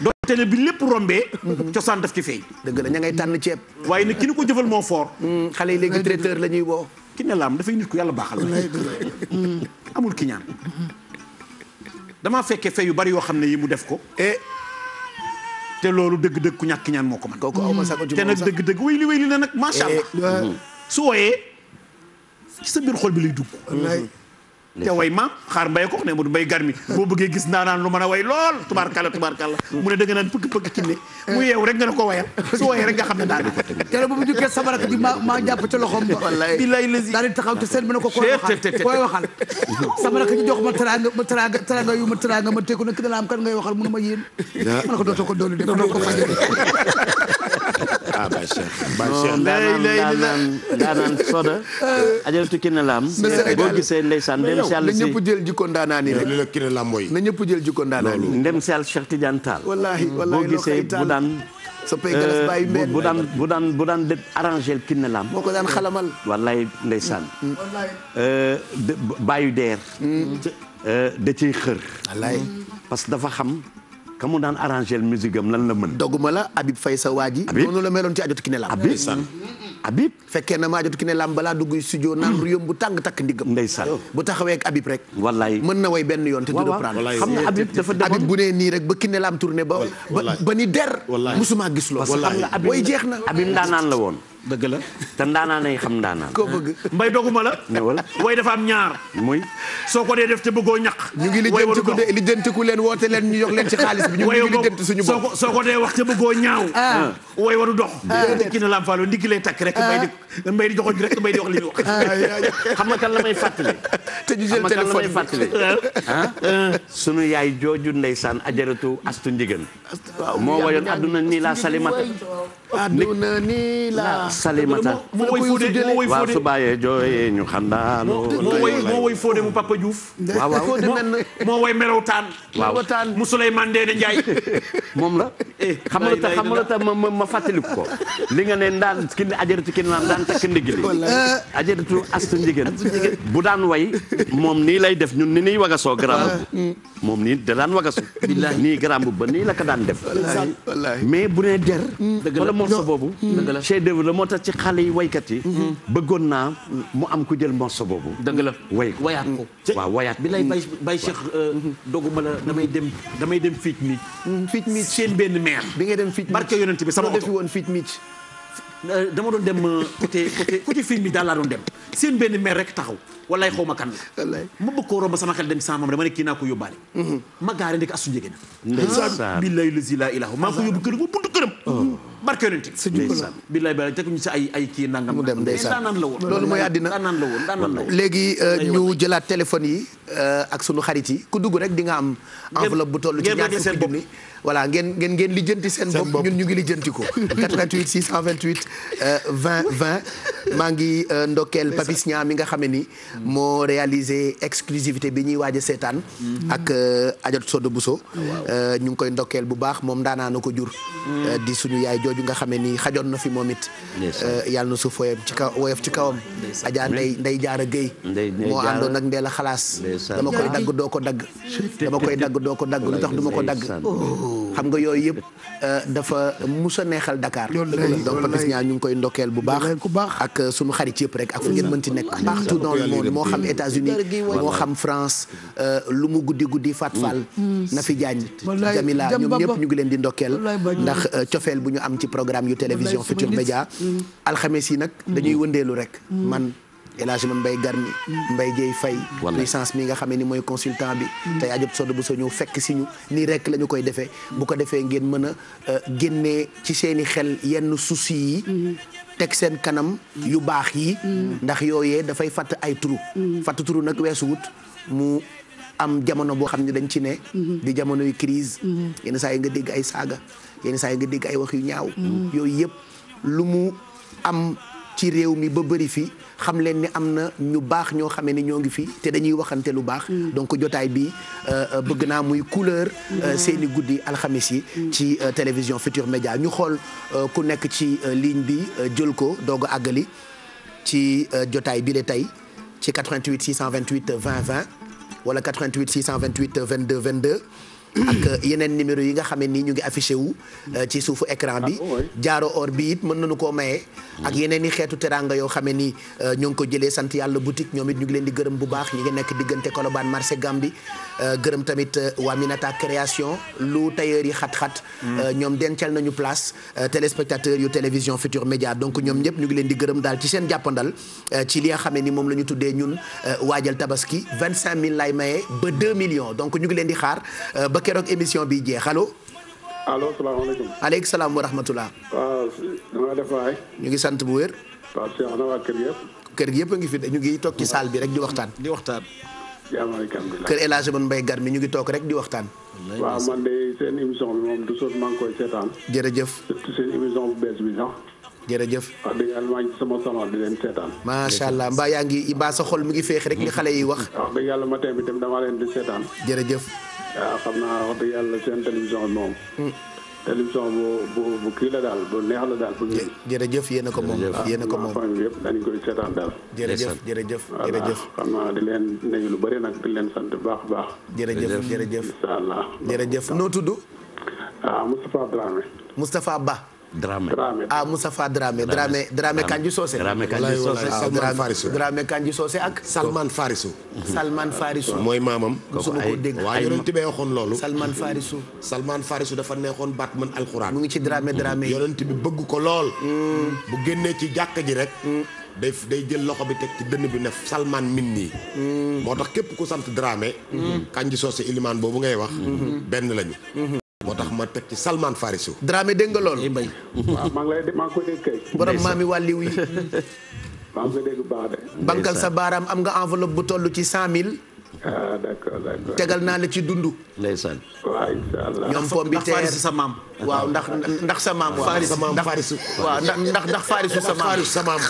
doonte ne bi lépp rombee mhm. cosaan daf ci feeñ dëgg la ña ngay tànn ceeb waaye nag ki ni ko jëfal moo fort mm, xale yi léegi traiteur la ñuy woo ki ne laam dafay nit ku yàlla baaxal amul ki ñaan damaa fekkee yu bari yoo xam ne yi mu def ko eh. te loolu dëgg-dëgg ku ñàkk ñaan moo ko mën. kooku aw ma sax te nag dëgg-dëgg wéyli wéyli na nag macha allah. Eh, eh, su wooyee ci sa biir xol bi lay dugg. te way maam xaar mbay ko ne mu mbay garmi boo bëggee gis ndaanaan lu mën a way lool tubaarkàlla tubaarkàlla mu ne da nga naan pëkk pëkk kinne mu yeew rek nga ne ko wayal su wayee rek nga xam ne daal tele bu mu te seen mu ne ko koy waxal koy waxal sabarak ji jox ma teraanga yu ma teraanga ma teeku ne ki dana am kan ngay waxal mu ne ma yéen ma ne ko dootoo ko doolu def ko fajee ah Baye Cheikh Baye Cheek daanan daanan soda. ajaratu Kiné Lam. boo gisee ndeysaan ndem si àll si na ñëpp jël jikko ndaanaan yi rek. loolu la Kiné Lam na ñëpp jël jikko ndaanaan yi. ndem si àll Cheikh Tidiane Tall. wallaahi wallaahi loo xëy taal boo gisee bu daan. soppay galas bu daan bu daan bu daan arrangé Kiné Lam. moo ko daan xalamal. wallaahi ndeysaan. wallaahi. Mm. Euh, bàyyi deer. Mm. Euh, da ciy xër. wallaahi dafa xam. ka mu daan arrangé musique am lan la mën. doguma la Habib Faye sa waa ji. Habib la meloon ci ajot ki ne lam. Habib fekkee na ma ajot ki ne lam balaa dugg studio naan ruyam bu tàng takk ndigam. ndeysaan bu taxawee ak Habib rek. wallaay mën na way benn yoon te du reprendre. xam nga Habib dafa demoon bu nee nii rek ba ki ne lam tourné ba. ba ni der. musuma gis loolu. parce que xam nga Habib way jeex na. Habib ndaanaan la woon. dëgg la te ndaanaan ay xam ndaanaan. koo bëgg mbay doguma la. ñëwal way dafa am ñaar. muy soo ko dee def te bëggoo ñaq. ñu ngi lijjantiku de lijjantiku leen woote leen ñu jox leen ci xaalis bi ñu ngi lijjanti suñu bopp. soo ko soo ko dee wax te bëggoo ñaaw. Ah. Ah. way waru dox. Ah. kii na Lam Fallou ndigg lay takk rek. mbay di mbay di joxoñ rek mbay di wax li muy wax. xam nga kan la may fàttali. te ñu jël téléphone xam nga kan la may fàttali. sunu yaay jooju ndeysaan ajaratu astu njigéen. moo wayoon adduna nii laa salimata aduna ni la Salimata moo woy Fodé moo woy Fodé waaw su bàyyee jooyee ñu xandaalu moo woy moo woy Fodé mu Papa Diouf waaw waaw moo woy Melawtaan Melawtaan mu Souleymane Ndéné Ndiaye moom la eh, xam nga tax xam nga tax ma ma fàttaliku ko li nga ne daan ki ajaratu ki naan daan takk ndigili eh. ajaratu astu njigéen bu daan way moom nii lay def ñun ni niy wagasoo garamb ah. mm. moom nii da daan wagasu nii garamb ba nii la daan def mais bu ne der mm. morceau boobu. Mm. dëgg la chef moo tax ci xale yi waykat yi. Mm-hmm. bëggoon naa mu am ku jël morceau boobu. dëgg la way ko wayaat ko. Mm. waaw wayaat bi lay bay mm. bay Cheikh euh, mm-hmm. doguma la damay dem damay dem fiit miit. fiit miit seen benn maire. bi ngay dem fiit miit barke yonent bi sama oto defi woon fiit miit. Euh, dama doon dem euh, côté côté côté film bi daal laa doon dem seen benn maire rek taxaw. walaay xaw ma kan la ma bëgg koo romb sama xel dem sama moom dama kii naa ko yóbbaale mhm. ma gaare ndek asu njege na ah, billaay lazi laa ilaaha maa ko yóbbu oh. kii nangam mu dem ndeysaan daanaan la woon àddina léegi euh, ñu jëlaat téléphone yi euh, ak sunu xarit yi ku dugg rek di nga am enveloppe bu toll ci ñaar fukki junni voilà ngeen ngeen ngeen lijjanti seen bopp ñun ñu ngi lijjanti ko 88 628 20 20 maa ngi euh, ndokkeel Papis Niang mi nga xam ni mm. moo réaliser exclusivité bi ñuy waaj a seetaan mm-hmm. ak euh, Adjatou Sodo Bousso oh, euh, ñu ngi koy ndokkeel bu baax moom daanaa na ko jur mm. di suñu yaay jooju nga xam ne ni xajoon na fi moom it yàlla na suuf woyof ci kaw ci kawam Adja Ndeye Ndeye Diarra Guèye moo àndoon ak Ndella Xalaas dama koy dagg doo ko dagg dama koy dagg doo ko dagg lu tax duma ko dagg xam nga yooyu yëpp euh, dafa musa neexal Dakar donc Papis Niang ñu ngi koy ndokkeel bu baax ak euh, sunu xarit yëpp rek ak fu ngeen mënti nekk partout dans le monde moo xam États-Unis moo xam France euh, lu mu guddi guddi Fat Nafi Diagne Jamila ñoom ñëpp ñu ngi leen di ndokkeel ndax cofeel bu ñu am ci programme yu télévision Futur Média mm. alxames yi nag mm. dañuy wëndeelu rek mm. El Hadj mbay Garmi Mbaye Guèye Faye puissance mi nga xamee ni mooy consultant bi tey ajot sodd bu so ñëw fekk si ñu nii rek la ñu koy defee bu ko defee ngeen mën a euh, génnee ci seeni xel yenn souci yi mm-hmm. teg seen kanam yu baax yi mm-hmm. ndax yooyee dafay fatt ay turu mm-hmm. fatt turu nag wut mu am jamono boo xam ne dañ ci ne di jamono yu crise yenn saa yi nga dégg ay saaga yenn saa yi nga dégg ay wax yu ñaaw yooyu yëpp lu mu am ci réew mi ba bëri fi xam leen ni am na ñu baax ñoo xamee ni ñoo ngi fi te dañuy waxante lu baax. Mm. donc jotaay bi euh, bëgg naa muy couleur. Euh, mm. seeni guddi alxamis yi. Mm. ci euh, télévision Futur Média ñu xool ku nekk ci ligne bi jël ko doog àggali ci jotaay bi la tey ci 88 628 20 20 wala 88 628 22 22. ak yeneen numéro yi nga xam ne nii ñu ngi affiché wu. Euh, ci suufu écran bi. Ah, jaaro or bi it mën nañu koo maye. ak yeneen i xeetu teranga yoo xam ne nii euh, ñoo ngi ko jëlee sant yàlla boutique ñoom it ñu ngi leen di gërëm bu baax ñi ngi nekk diggante Colobane marché Gambie Euh, gërëm tamit euh, waa Minata création lu tailleur yi xat-xat. Mm. Euh, ñoom dencal nañu place téléspectateur yu télévision Futur Média donc ñoom ñëpp ñu ngi leen di gërëm daal ci seen jàppandal ci li nga xam ne ni moom la ñu tuddee ñun waajal tabaski mille lay maye ba 2 millions donc ñu ngi leen di xaar ba keroog émission bi jeex allo. allo salaamaaleykum. salaam wa rahmatulah. waaw dama ñu ngi sant bu wér. waaw Cheikh kër gi yëpp. a ngi fi ñu ngi toog ci salle bi rek di waxtaan. di waxtaan. kër El mbay Gar mi ñu ngi toog rek di waxtaan. waaw man de seen émission bi moom du soos maa ngi koy seetaan. jërëjëf. surtout seen émission bu bees bi sax. jërëjëf. wax yàlla maa ngi sama sama di leen seetaan. macha allah mbaa yaa ngi mbaa sa xol mi ngi féex rek li xale yi wax. wax dëgg yàlla matin bi tam damaa leen di seetaan. jërëjëf. waaw xam naa wax dëgg yàlla seen télévision bi moom. Hmm. télévision bu bo bu kii la daal bu neex la daal. jërëjëf yéen a ko moom yéen a ko moom yëpp dañu koy seetaan daal. jërëjëf jërëjëf jërëjëf. xam naa di leen lu bëri nag di leen sant bu baax a baax. jërëjëf jërëjëf incha jërëjëf noo tudd. ah Moustapha Dramé. Moustapha Dramé ah Moustapha Dramé Dramé Dramé Kandji Socé Dramé Kandji ah, Socé ak Salman Farisou Salman Farisou mooy maamam su ma ko dégg waaw yonent bi waxoon loolu Salman Farisou Salman Farisou dafa neexoon baat mën alxuraan mu ngi ci Dramé mm-hmm. Dramé yonent bi bëgg ko lool mm. bu génnee ci jàkk ji rek mm. day day jël loxo bi teg ci dënn bi nef salman min nii mm. moo tax képp ku sant Dramé Kandji Socé ilimaan boobu ngay wax mm-hmm. benn lañu mm-hmm. moo tax ma teg ci Salman Farisou. Dramé dégg nga loolu. Eh, bay waaw maa ngi bangal sa baaraam am nga enveloppe bu toll ci cent mille. ah tegal naa la ci dundu. ndeysaan. waaw incha teer sa maam. waaw ndax ndax sa maam. waaw sa maam waaw ndax ndax ndax Farisu sa maam. Farisu sa maam.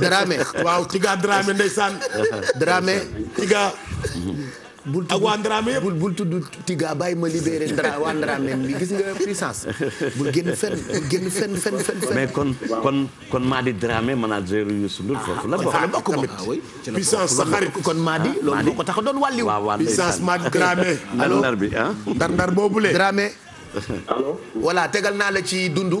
Dramé. waaw Tiga Dramé ndeysaan. ak waa Ndramé yëpp bul tudd Tiga bàyyi ma libéré Ndra waa Ndramé bi gis nga puissance bul génn fenn bul génn fenn fenn fenn. mais kon kon kon Madi Dramé manager ah foofu la bokk tamit puissance sa kon Madi loolu ko tax doon wàlliw puissance Madi Dramé ndar bi ah ndar ndar boobule tegal naa la ci dundu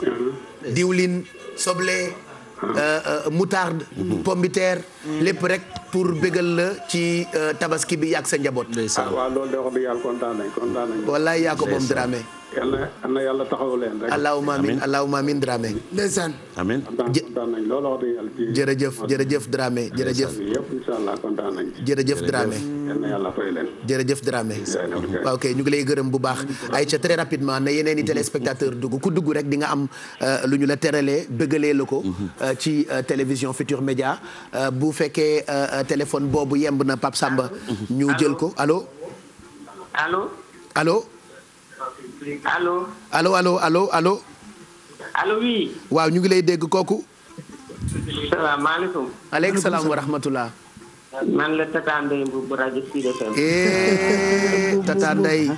mm-hmm. diwlin soble Euh, euh, moutarde pomme de terre lépp rek pour bégal la ci euh, tabaski bi yàgg sa njaboot. Ah, waaw loolu de wax dëgg yàlla kontaan nañ kontaan nañ. wallaay yaa ko moom Dramé. yàlla na yàlla taxaw leen rek. allahumma jërëjëf jërëjëf Dramé jërëjëf. jërëjëf Dramé. yal ñu ngi lay gërëm bu baax. ayca très rapidement na yeneen i téléspectateur dugg ku dugg rek di nga am euh, lu ñu la teralee bëggalee la ko. Mhm. Euh, ci euh, télévision Futur Média bu fekkee téléphone boobu yemb na Pape Samba. Mhm. ñu jël ko alo allo. allo allo allo allo. allo waaw ñu ngi lay dégg kooku. salaamaaleykum. maaleykum salaam wa rahmatullah. man la Tata eh,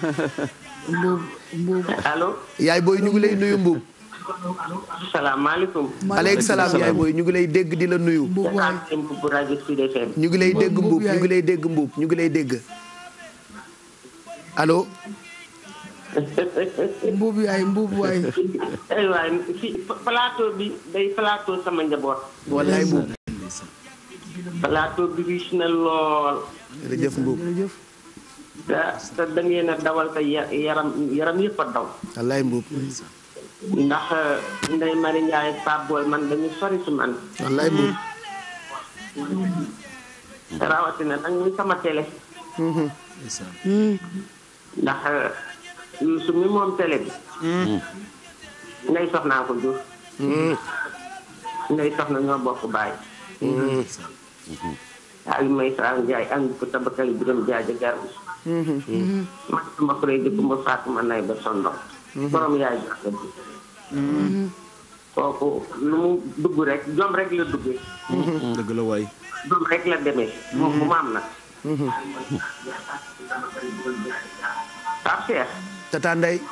allo. yaay booy ñu ngi lay nuyu Mbu. salaamaaleykum. maaleykum salaam yaay booy ñu ngi lay dégg di la nuyu. Tata ñu ngi lay dégg Mbu ñu ngi lay dégg mbub ñu ngi lay dégg. allo. mbuub yaay mbuub waay. fi plateau bi day palaato sama njaboot. wallaay mbuub. plateau bi riche na lool. jërëjëf mbuub jërëjëf. te te da ngeen a dawal te yaram yaram yëpp a daw. wallaay mbuub. ndax eh, Ndeye Mari Ndiaye ak man dañu sori su man. wallaay mbuub. rawatina nag sama télé. Mm-hmm. ndax. Eh, Youssou mi moom télé bi. Hmm. Ndeye Soxna ko jur. Hmm. Ndeye Soxna ñoo bokk baay. Hmm. Aliou Maysa Ndiaye am ko tabakali biram jaaja garbi. man suma kuree di kumba Faatuma nay ba sondo. borom yaay joxe bi. kooku lu mu dugg rek jom rek la duggee. dëgg la waay. jom rek la demee. moom bu ma am nag. tata Ndeye.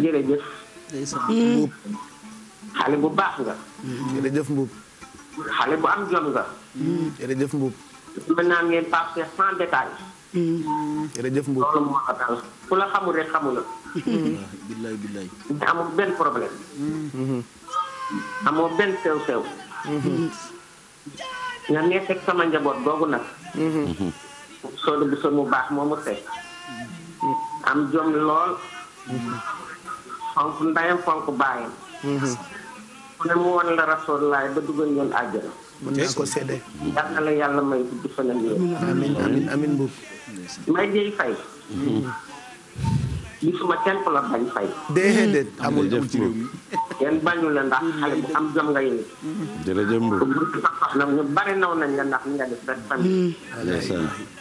jërëjëf. ndeysaan. Mm. xale bu baax nga. Mm. jëf Mbuub. xale bu am jom nga. Mm. jërëjëf Mbuub. mën naa ngeen passé sans détail. jërëjëf Mbuub loolu moo ko dal ku la xamul rek xamul la. billaay billaay. benn problème. Mm-hmm. amoo benn sew sew. Mm-hmm. nga nekk ak sama njaboot googu nag. Mm-hmm. soo bu sol mu baax moom mu fekk. am jom lool. fonk ndayam fonk baayam. mu ne mu woon la rasoolaay ba dugal ngeen àjjana. mën naa ko séddee. yal na la yàlla may gudd fan ak yéen. amiin amiin amiin bu. may jëy fay. gisuma kenn ku la bañ fay. déedéet amul jëf ci réew mi. kenn bañu la ndax xale bu am jom nga yéen. jërëjëf Mbour. bu sax sax nag ñu bari naw nañ la ndax ñu nga def rek fan.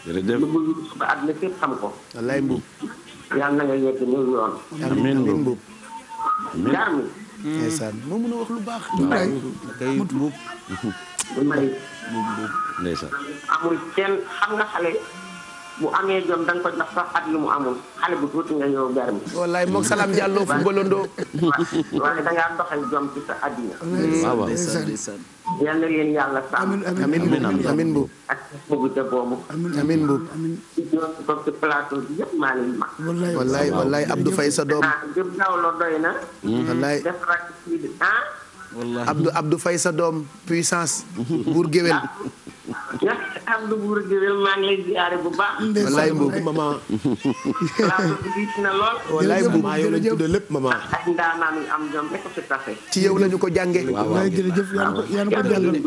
jërëjëf. lu bu suba àdduna képp xam ko. wallaay Mbour. yàlla na nga yegg niw yoon. amiin amiin boobu. jaar mi. ndeysaan moo mën a wax lu baax. waaw kay boobu. du may. amul kenn xam nga xale. bu amee jom da ko jox sax at yu mu amul xale bu tuuti nga ñëw garmi wallaay moog Salam Diallo footballandoo waaye da ngaa doxal ci sa àddina yàlla sàmm wallaay wallaay Abdou doom jëm hmm. ah. sa doom puissance buur géwél ndax Abdou Buur Géwél maa ngi lay ziare bu baax. wallaay mboobu maman. gis na lool. wallaay maman yow lañ tuddee lépp maman. ak ndaanaan yu am jom rek su tafe. ci yow lañu ko jàngee. waaw waaw jërëjëf yaa ko yaa ko jàngale.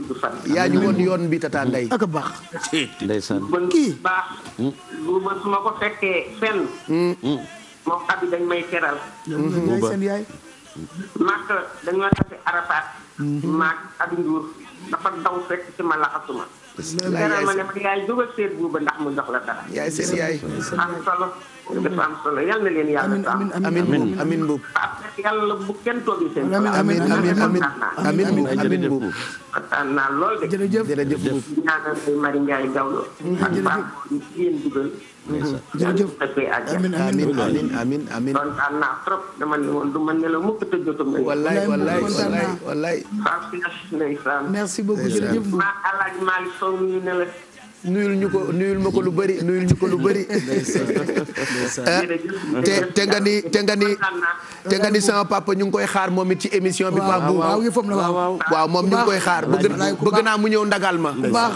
yaa ñu woon yoon bi tata Ndeye. ak a baax. ndeysaan kii baax. Hmm? bu ba su ma ko fekkee fenn. Hmm? Hmm? moom abi dañ may teral. bu ba seen yaay. màkk dañoo tafe Arafat. màkk Abi Ndour dafa daw fekk ci ma laxasuma. dana mën a yaay dugal seet buuba ndax mu jox la dara. yaay seen yaay am solo. dafa am solo yal na leen yàlla sax amiin amiin amiin bu yàlla bu kenn toogee seen amiin amiin amiin amiin amiin amiin bu xataan naa lool de jërëjëf jërëjëf bu ñaanal ay Mari Ndiaye Gawlo ak Pape yéen dugal jërëjëf amiin amiin amiin amiin amiin kontaan naa trop dama ne woon du ma nelaw mukk te jotum wallaay wallaay wallaay wallaay Pape Cheikh ndeysaan merci beaucoup jërëjëf bu Alaaji Malick Sow mi ne la nuyul ñu ko ma ko lu bari nuyul ñu ko lu bëri eh, te te nga ni te nga ni te nga ni ñu ngi koy xaar moom it ci émission bi Pape Bouba waaw moom ñu ngi koy xaar bëgg bëgg naa mu ñëw ndagal ma waaw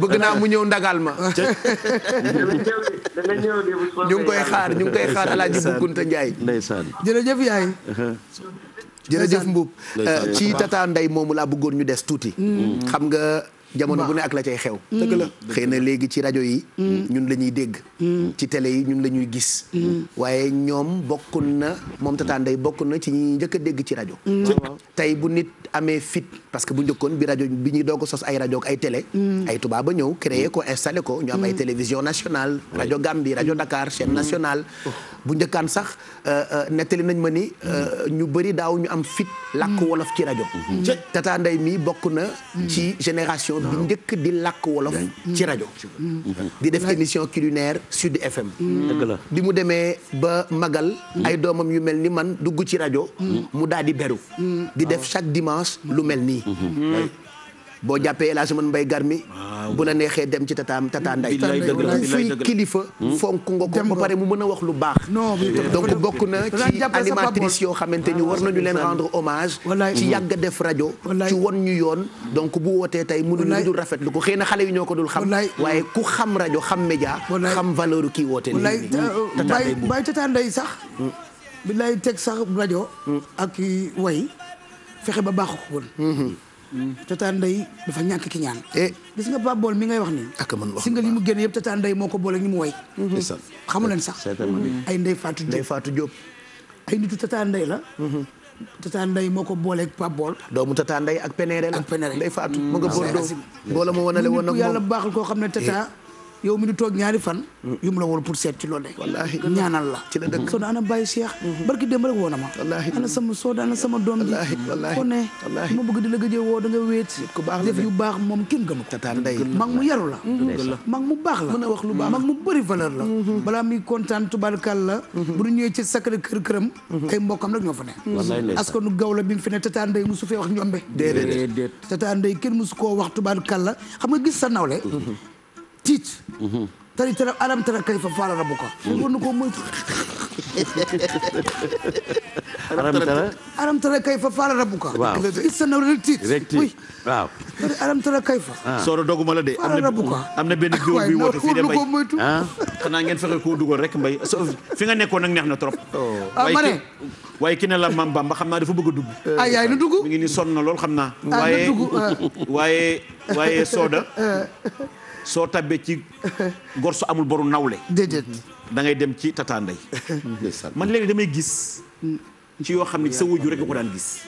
bëgg naa mu ñëw ndagal ma ñu ngi koy xaar ñu ngi koy xaar alaaji Boukounta Ndiaye jërëjëf yaay uh-huh. jërëjëf Mbuub eh, ci Tata Ndeye moomu laa bëggoon ñu des tuuti mm. Mm. xam nga jamono bu ne ak la cay xew mm. dëgg la xëy na léegi ci rajo yi ñun lañuy dégg ci tele yi ñun la ñuy gis waaye ñoom bokk na moom Tata Ndeye na ci ñi njëkk a dégg ci rajo tey bu nit amee fit parce que bu njëkkoon bi rajo bi ñuy doog a sos ay rajo ay télé. Mm. ay tubaab a ñëw créé mm. ko installé ko. ñu am ay mm. télévision nationale. rajo Gambie rajo Dakar chaîne national oh. bu njëkkaan sax euh, euh, nettali nañ ma ni. Euh, ñu bëri daaw ñu am fit. làkk wolof ci rajo. Mm-hmm. tata Ndeye mi bokk na. ci génération bi njëkk di làkk wolof. ci rajo. di def émission culinaire Sud FM. bi mu demee ba Magal. ay doomam yu mel ni man dugg ci rajo. mu daal di beru. di def ah. chaque dimanche. chance lu mel nii mhm. boo jàppee El Hadj Mane Mbaye Garmi bu la neexee dem ci tataam tata nday suy kilifa hmm? fonk nga ko ba pare mu mën a wax lu baax eh, donc bokk na ci animatrice yoo xamante ni war nañu leen rendre hommage ci yàgg def rajo ci won ñu yoon donc bu wootee tey mënuñu dul rafet lu na xale yi ñoo ko dul xam waaye ku xam rajo xam média xam valeur kii woote li bay euh, hmm. tata nday sax hmm. bi lay teg sax rajo ak way fexe ba baaxu ko woon. Mm-hmm. tata Ndeye dafa ñàkk ki ñaan. Eh. gis nga Pape Bool mi ngay wax nii. ak man wax si nga li mu génn yëpp tata Ndeye moo ko boole ñu mu woy. Mm-hmm. xamu leen sax. ay Ndeye Fatou Diop Ndeye Fatou Diop. ay nitu tata Ndeye la. Mm-hmm. tata Ndeye moo ko booleeg Pape Bool. doomu tata Ndeye ak Penere la ak Penere Ndeye Fatou. Ah, mu nga Bordeaux. loola ma yàlla baaxul koo xam ne tata. Eh. yow mi di toog ñaari fan. yu la woon pour seet ci loolu de. wallaahi ñaanal la. ci la dëkk soo ana bàyyi Cheikh. Mm-hmm. barki démb rek woo na ma. wallaahi ana sama sooda ana sama doom ji. wallaahi kon ne. wallaahi ma woo da nga wéet. ku baax la def yu baax moom kenn gënu ko. tata ndey mag mu yaru la. Mm-hmm. mag mu baax la. mën wax lu baax mag mu bëri valeur la. Mm-hmm. balaa muy kontaan tubaarkal la. bu ñu ñëwee ci sacré kër këram. ay mbokkam rek ñoo fa ne. wallaahi ndey askan nu gaw la bi mu fi ne tata ndey musu fee wax ñombe. déedéet tata ndey kenn musu koo wax tubaarkal la xam nga gis sa le tiit mhm. tari tara alam tara kayfa faala rabbuka mhm. war na koo moytu alam tara alam tara kayfa faala rabbuka waaw gis sa naw rek tiit rek tiit waaw tari alam tara kayfa ah. sooro doguma la de faala rabbuka am na benn géew bi woote fii de bay ah. xanaa ngeen fexe koo dugal rek mbay fi nga nekkoon nag neex na trop oh. ah, ma ne waaye ki ne la Mam Bamba xam naa dafa bëgg a dugg ay yaay na dugg mi ngi ni sonn na lool xam naa waaye sooda soo tabbee ci gor su amul boru nawle. déedéet da ngay dem ci tata Ndeye. man léegi damay gis. ci yoo xam ne sa wujju rek nga ko daan gis.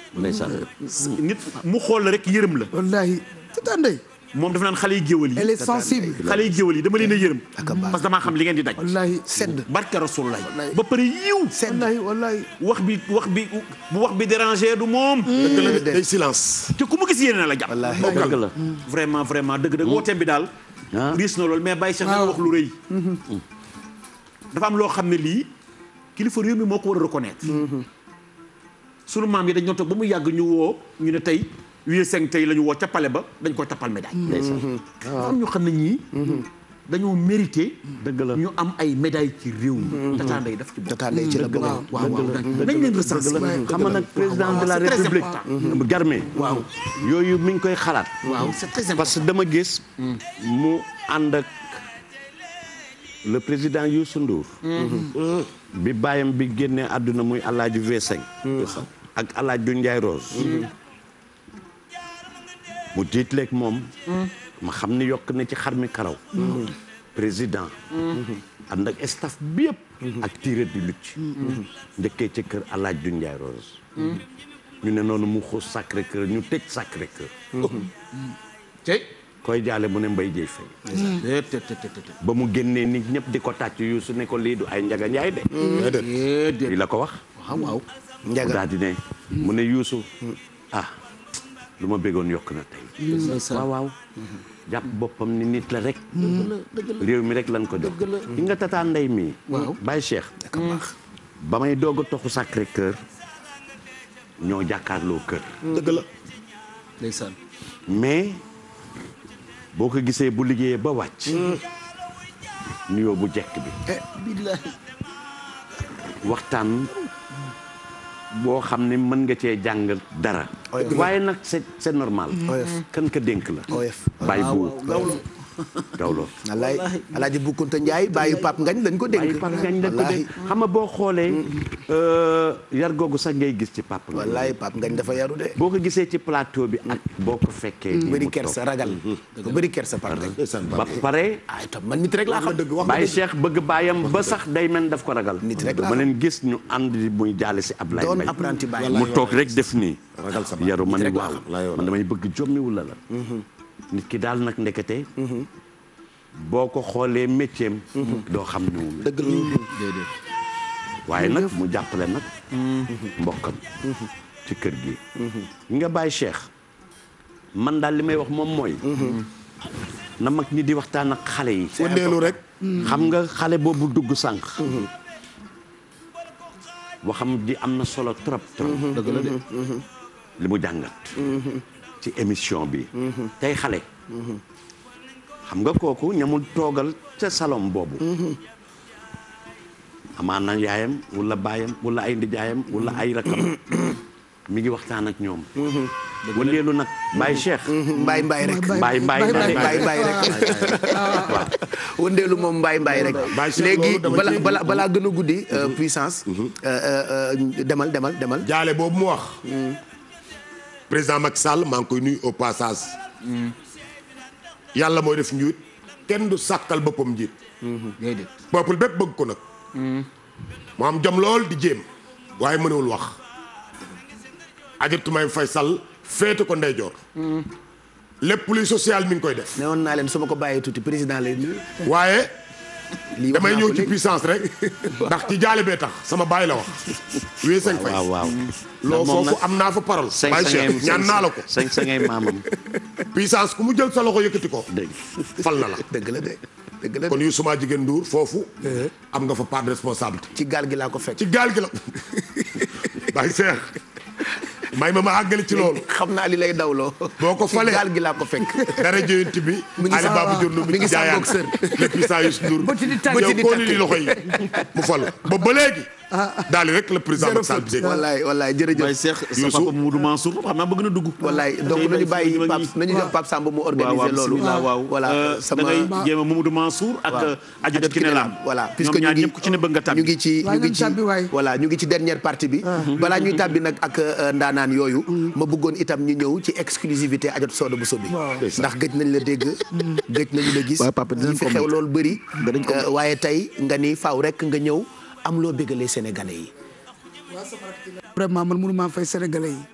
nit mu xool la rek yërëm la. wallaahi tata Ndeye. moom daf naan xale yi géwël yi. elle est sensible xale yi dama leen a yërëm. parce que damaa xam li ngeen di daj. wallaahi sedd barke rasulullah. ba pare yiw. sedd wallaahi wax bi wax bi bu wax bi dérangé du moom. Mm. dëgg la te ku ma gis yéene na la jàpp. dëgg la vraiment vraiment dëgg dëgg wooteem bi daal. riis ah. na loolu mais Baye Cheikh dafa ah. wax lu rëy mm-hmm. Mm-hmm. dafa am loo xam ne lii kilifa réew mi moo ko war a reconnaître mm-hmm. sunu maam yi dañ doon toog ba mu yàgg ñu woo ñu ne tey wiye seng tey la ñu woo ca pale ba dañ koy tappal médaille am ñu xam ne ñii dañoo mérité. dëgg la ñu am ay médailles ci réew mi. tata Ndeye daf ci bokk tata Ndeye ci la xam nag président de la république. garme waaw yooyu mi ngi koy xalaat. waaw parce que dama gis. mu ànd ak le président yu Ndour. Mm-hmm. bi bàyyam bi génnee àdduna muy El Hadj Veseng. ak El Hadj Ndiaye Rose. Mm-hmm. mu tiitleeg moom. Mm-hmm. ma xam ne yokk na ci xar mi karaw président ànd ak staff bi yëpp ak tiré di lutte ci kër alaaj du Ndiaye Rose ñu ne noonu mu xuus Sacré Cœur ñu tëj Sacré Cœur tey koy jaale mu ne mbay jëy fay ba mu génnee nit ñëpp di ko tàcc yu ne ko lii du ay njaga njaay de lii la ko wax waaw waaw njaga daal di mu ne yuusu ah lu ma bëggoon yokk na tey jàpp boppam ni nit la rek. réew mi rek lan ko jox. li nga tataan ndey mi. waaw Baye ba may doog a toxu Sacré Cœur ñoo jàkkaarloo kër. dëgg la. boo ko gisee bu liggéeyee ba wàcc. Mm. nuyoo bu jekk bi. eh boo xam ne mën nga cee jàng dara. waaye nag c'est c'est normal. kan ka dénk la. bàyyi bu dawlo alaay alaaji bu Kunta Njaay bàyyi Pap Ngañ lañ ko dénk bàyyi Pap Ngañ lañ ko dénk xam nga boo xoolee euh, yar googu sax ngay gis ci Pap Ngañ wallaay Pap Ngañ dafa yaru de boo ko gisee ci plateau bi ak boo ko fekkee mm-hmm. bëri kersa ragal ko bëri kersa Pap Ngañ ba pare ay tam man nit rek laa xam dëgg wax Baye Cheikh bëgg baayam ba sax day mel daf ko ragal nit rek ma leen gis ñu ànd muy jaale si Ablaye doon apprenti Baye mu toog rek def nii ragal sa yaru man waaw man damay bëgg jommiwu la la mm-hmm. nit ki daal nag ndekete. Mhm. boo ko xoolee métier mhm. doo xam ni mu dëgg mhm. waaye nag mu jàppale nag. mbokkam. ci kër gi. nga bàyyi Cheikh man daal li may wax moom mooy. na mag ñi di waxtaan ak xale yi. wëndeelu rek. xam nga xale boobu dugg sànq. waxam ji am na solo trop trop. dëgg li mu jàngat. ci émission bi. tey xale. xam nga kooku ñamul toogal ca salon boobu. amaan yaayam wala baayam wala ay ndijaayam wala ay rakam. mi ngi waxtaan ak ñoom. waleelu nag Baye Cheikh. mbaay mbaay rek mbaay mbaay rek waaw. wëndeelu moom mbaay mbaay rek. léegi bala balaa gën a guddi. puissance. demal demal demal. jaale boobu mu wax. président Macky Sall maa ngi koy nuyu au passage. yàlla mooy def njiit kenn du sàkkal boppam njiit. déedéet peuple bépp bëgg ko nag. mu am jom lool di jéem waaye mënewul wax. Adjaratou Marème fay sal féete ko ndeyjoor. Mm. lépp luy social mi ngi koy def. ne woon naa leen su ma ko bàyyee tuuti président lay nuyu. waaye. lii damay ñëw ci puissance rek ndax ci jaale bee tax sama baay la wax. wee sëñ fay waaw loo foofu am naa fa parole. baay Cheikh ñaan naa la ko sëñ sëñay puissance ku mu jël sa loxo yëkkati ko. dëgg fal na la dëgg la de. kon yu suma jigéen Ndour foofu. Uh-huh. am nga fa part de ci gaal gi laa ko fekk. ci gaal gi la baay Cheikh. may ma ma àggali ci lool xam naa li lay dawloo. boo ko falee gaal gi laa ko fekk. dara jëyant bi. mi ngi saa mi ngi saa boxeur. lépp saa yu sundur. bëti di tàkk yow koo ni loxo yi mu fal ba ba léegi. daal di rek le président Macky Sall bi. wallaay wallaay jërëjëf mooy Cheikh sa papa bëgg na dugg. wallaay donc nañu bàyyi Pape nañu jox Pape Samba mu organiser loolu. waaw waaw voilà euh, sama da ngay jéem a ak. Adjot Kiné Lam voilà puisque ñu ngi ñoom nga tàbbi. ñu ngi ci ñu ngi ci voilà ñu ngi ci dernière partie bi. Ah. balaa ñuy tàbbi nag ak euh, ndaanaan yooyu. Mm. ma bëggoon itam ñu ñëw ci exclusivité Adjot Soda Bousso bi. ndax gëj nañ la dégg mm. gëj nañu la gis. waaw papa dinañ ko xew loolu bëri waaye tey nga ni faaw rek nga ñëw am loo bégalee sénégalais yi. vraiment man mënu maa fay sénégalais yi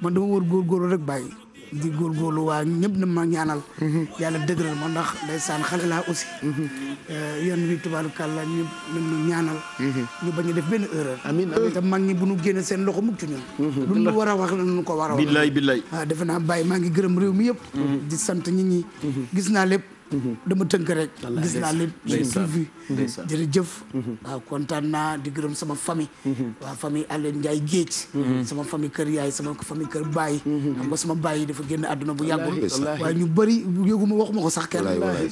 man dama war góorgóorlu rek bàyyi di góorgóorlu waa ñëpp na ma ñaanal. Mhm. yàlla dëgëral man ndax ndeysaan xale laa aussi. Mhm. Euh, yoon wi tubaarkàlla ñu ñu ñaanal. Mhm. ñu bañ a def benn erreur. amiin amiin te mag ñi bu ñu génne seen loxo mukk ci ñun. lu ñu war a wax la ñu ko war a wax. billaay billaay. waaw ah, defe naa bàyyi maa ngi gërëm réew mi yëpp. di sant nit ñi. gis naa lépp. dama tënk rek. gis naa lépp a tout vu. jërëjëf. Mm-hmm. waaw kontaan naa di gërëm sama famille. Mm-hmm. waa famille Alioune Ndiaye Géej. Mm-hmm. sama famille kër yaay sama famille kër baay. xam nga sama baay yi dafa génn àdduna bu yàggul. waaye ñu bari bëri yëguma waxuma ko sax kenn.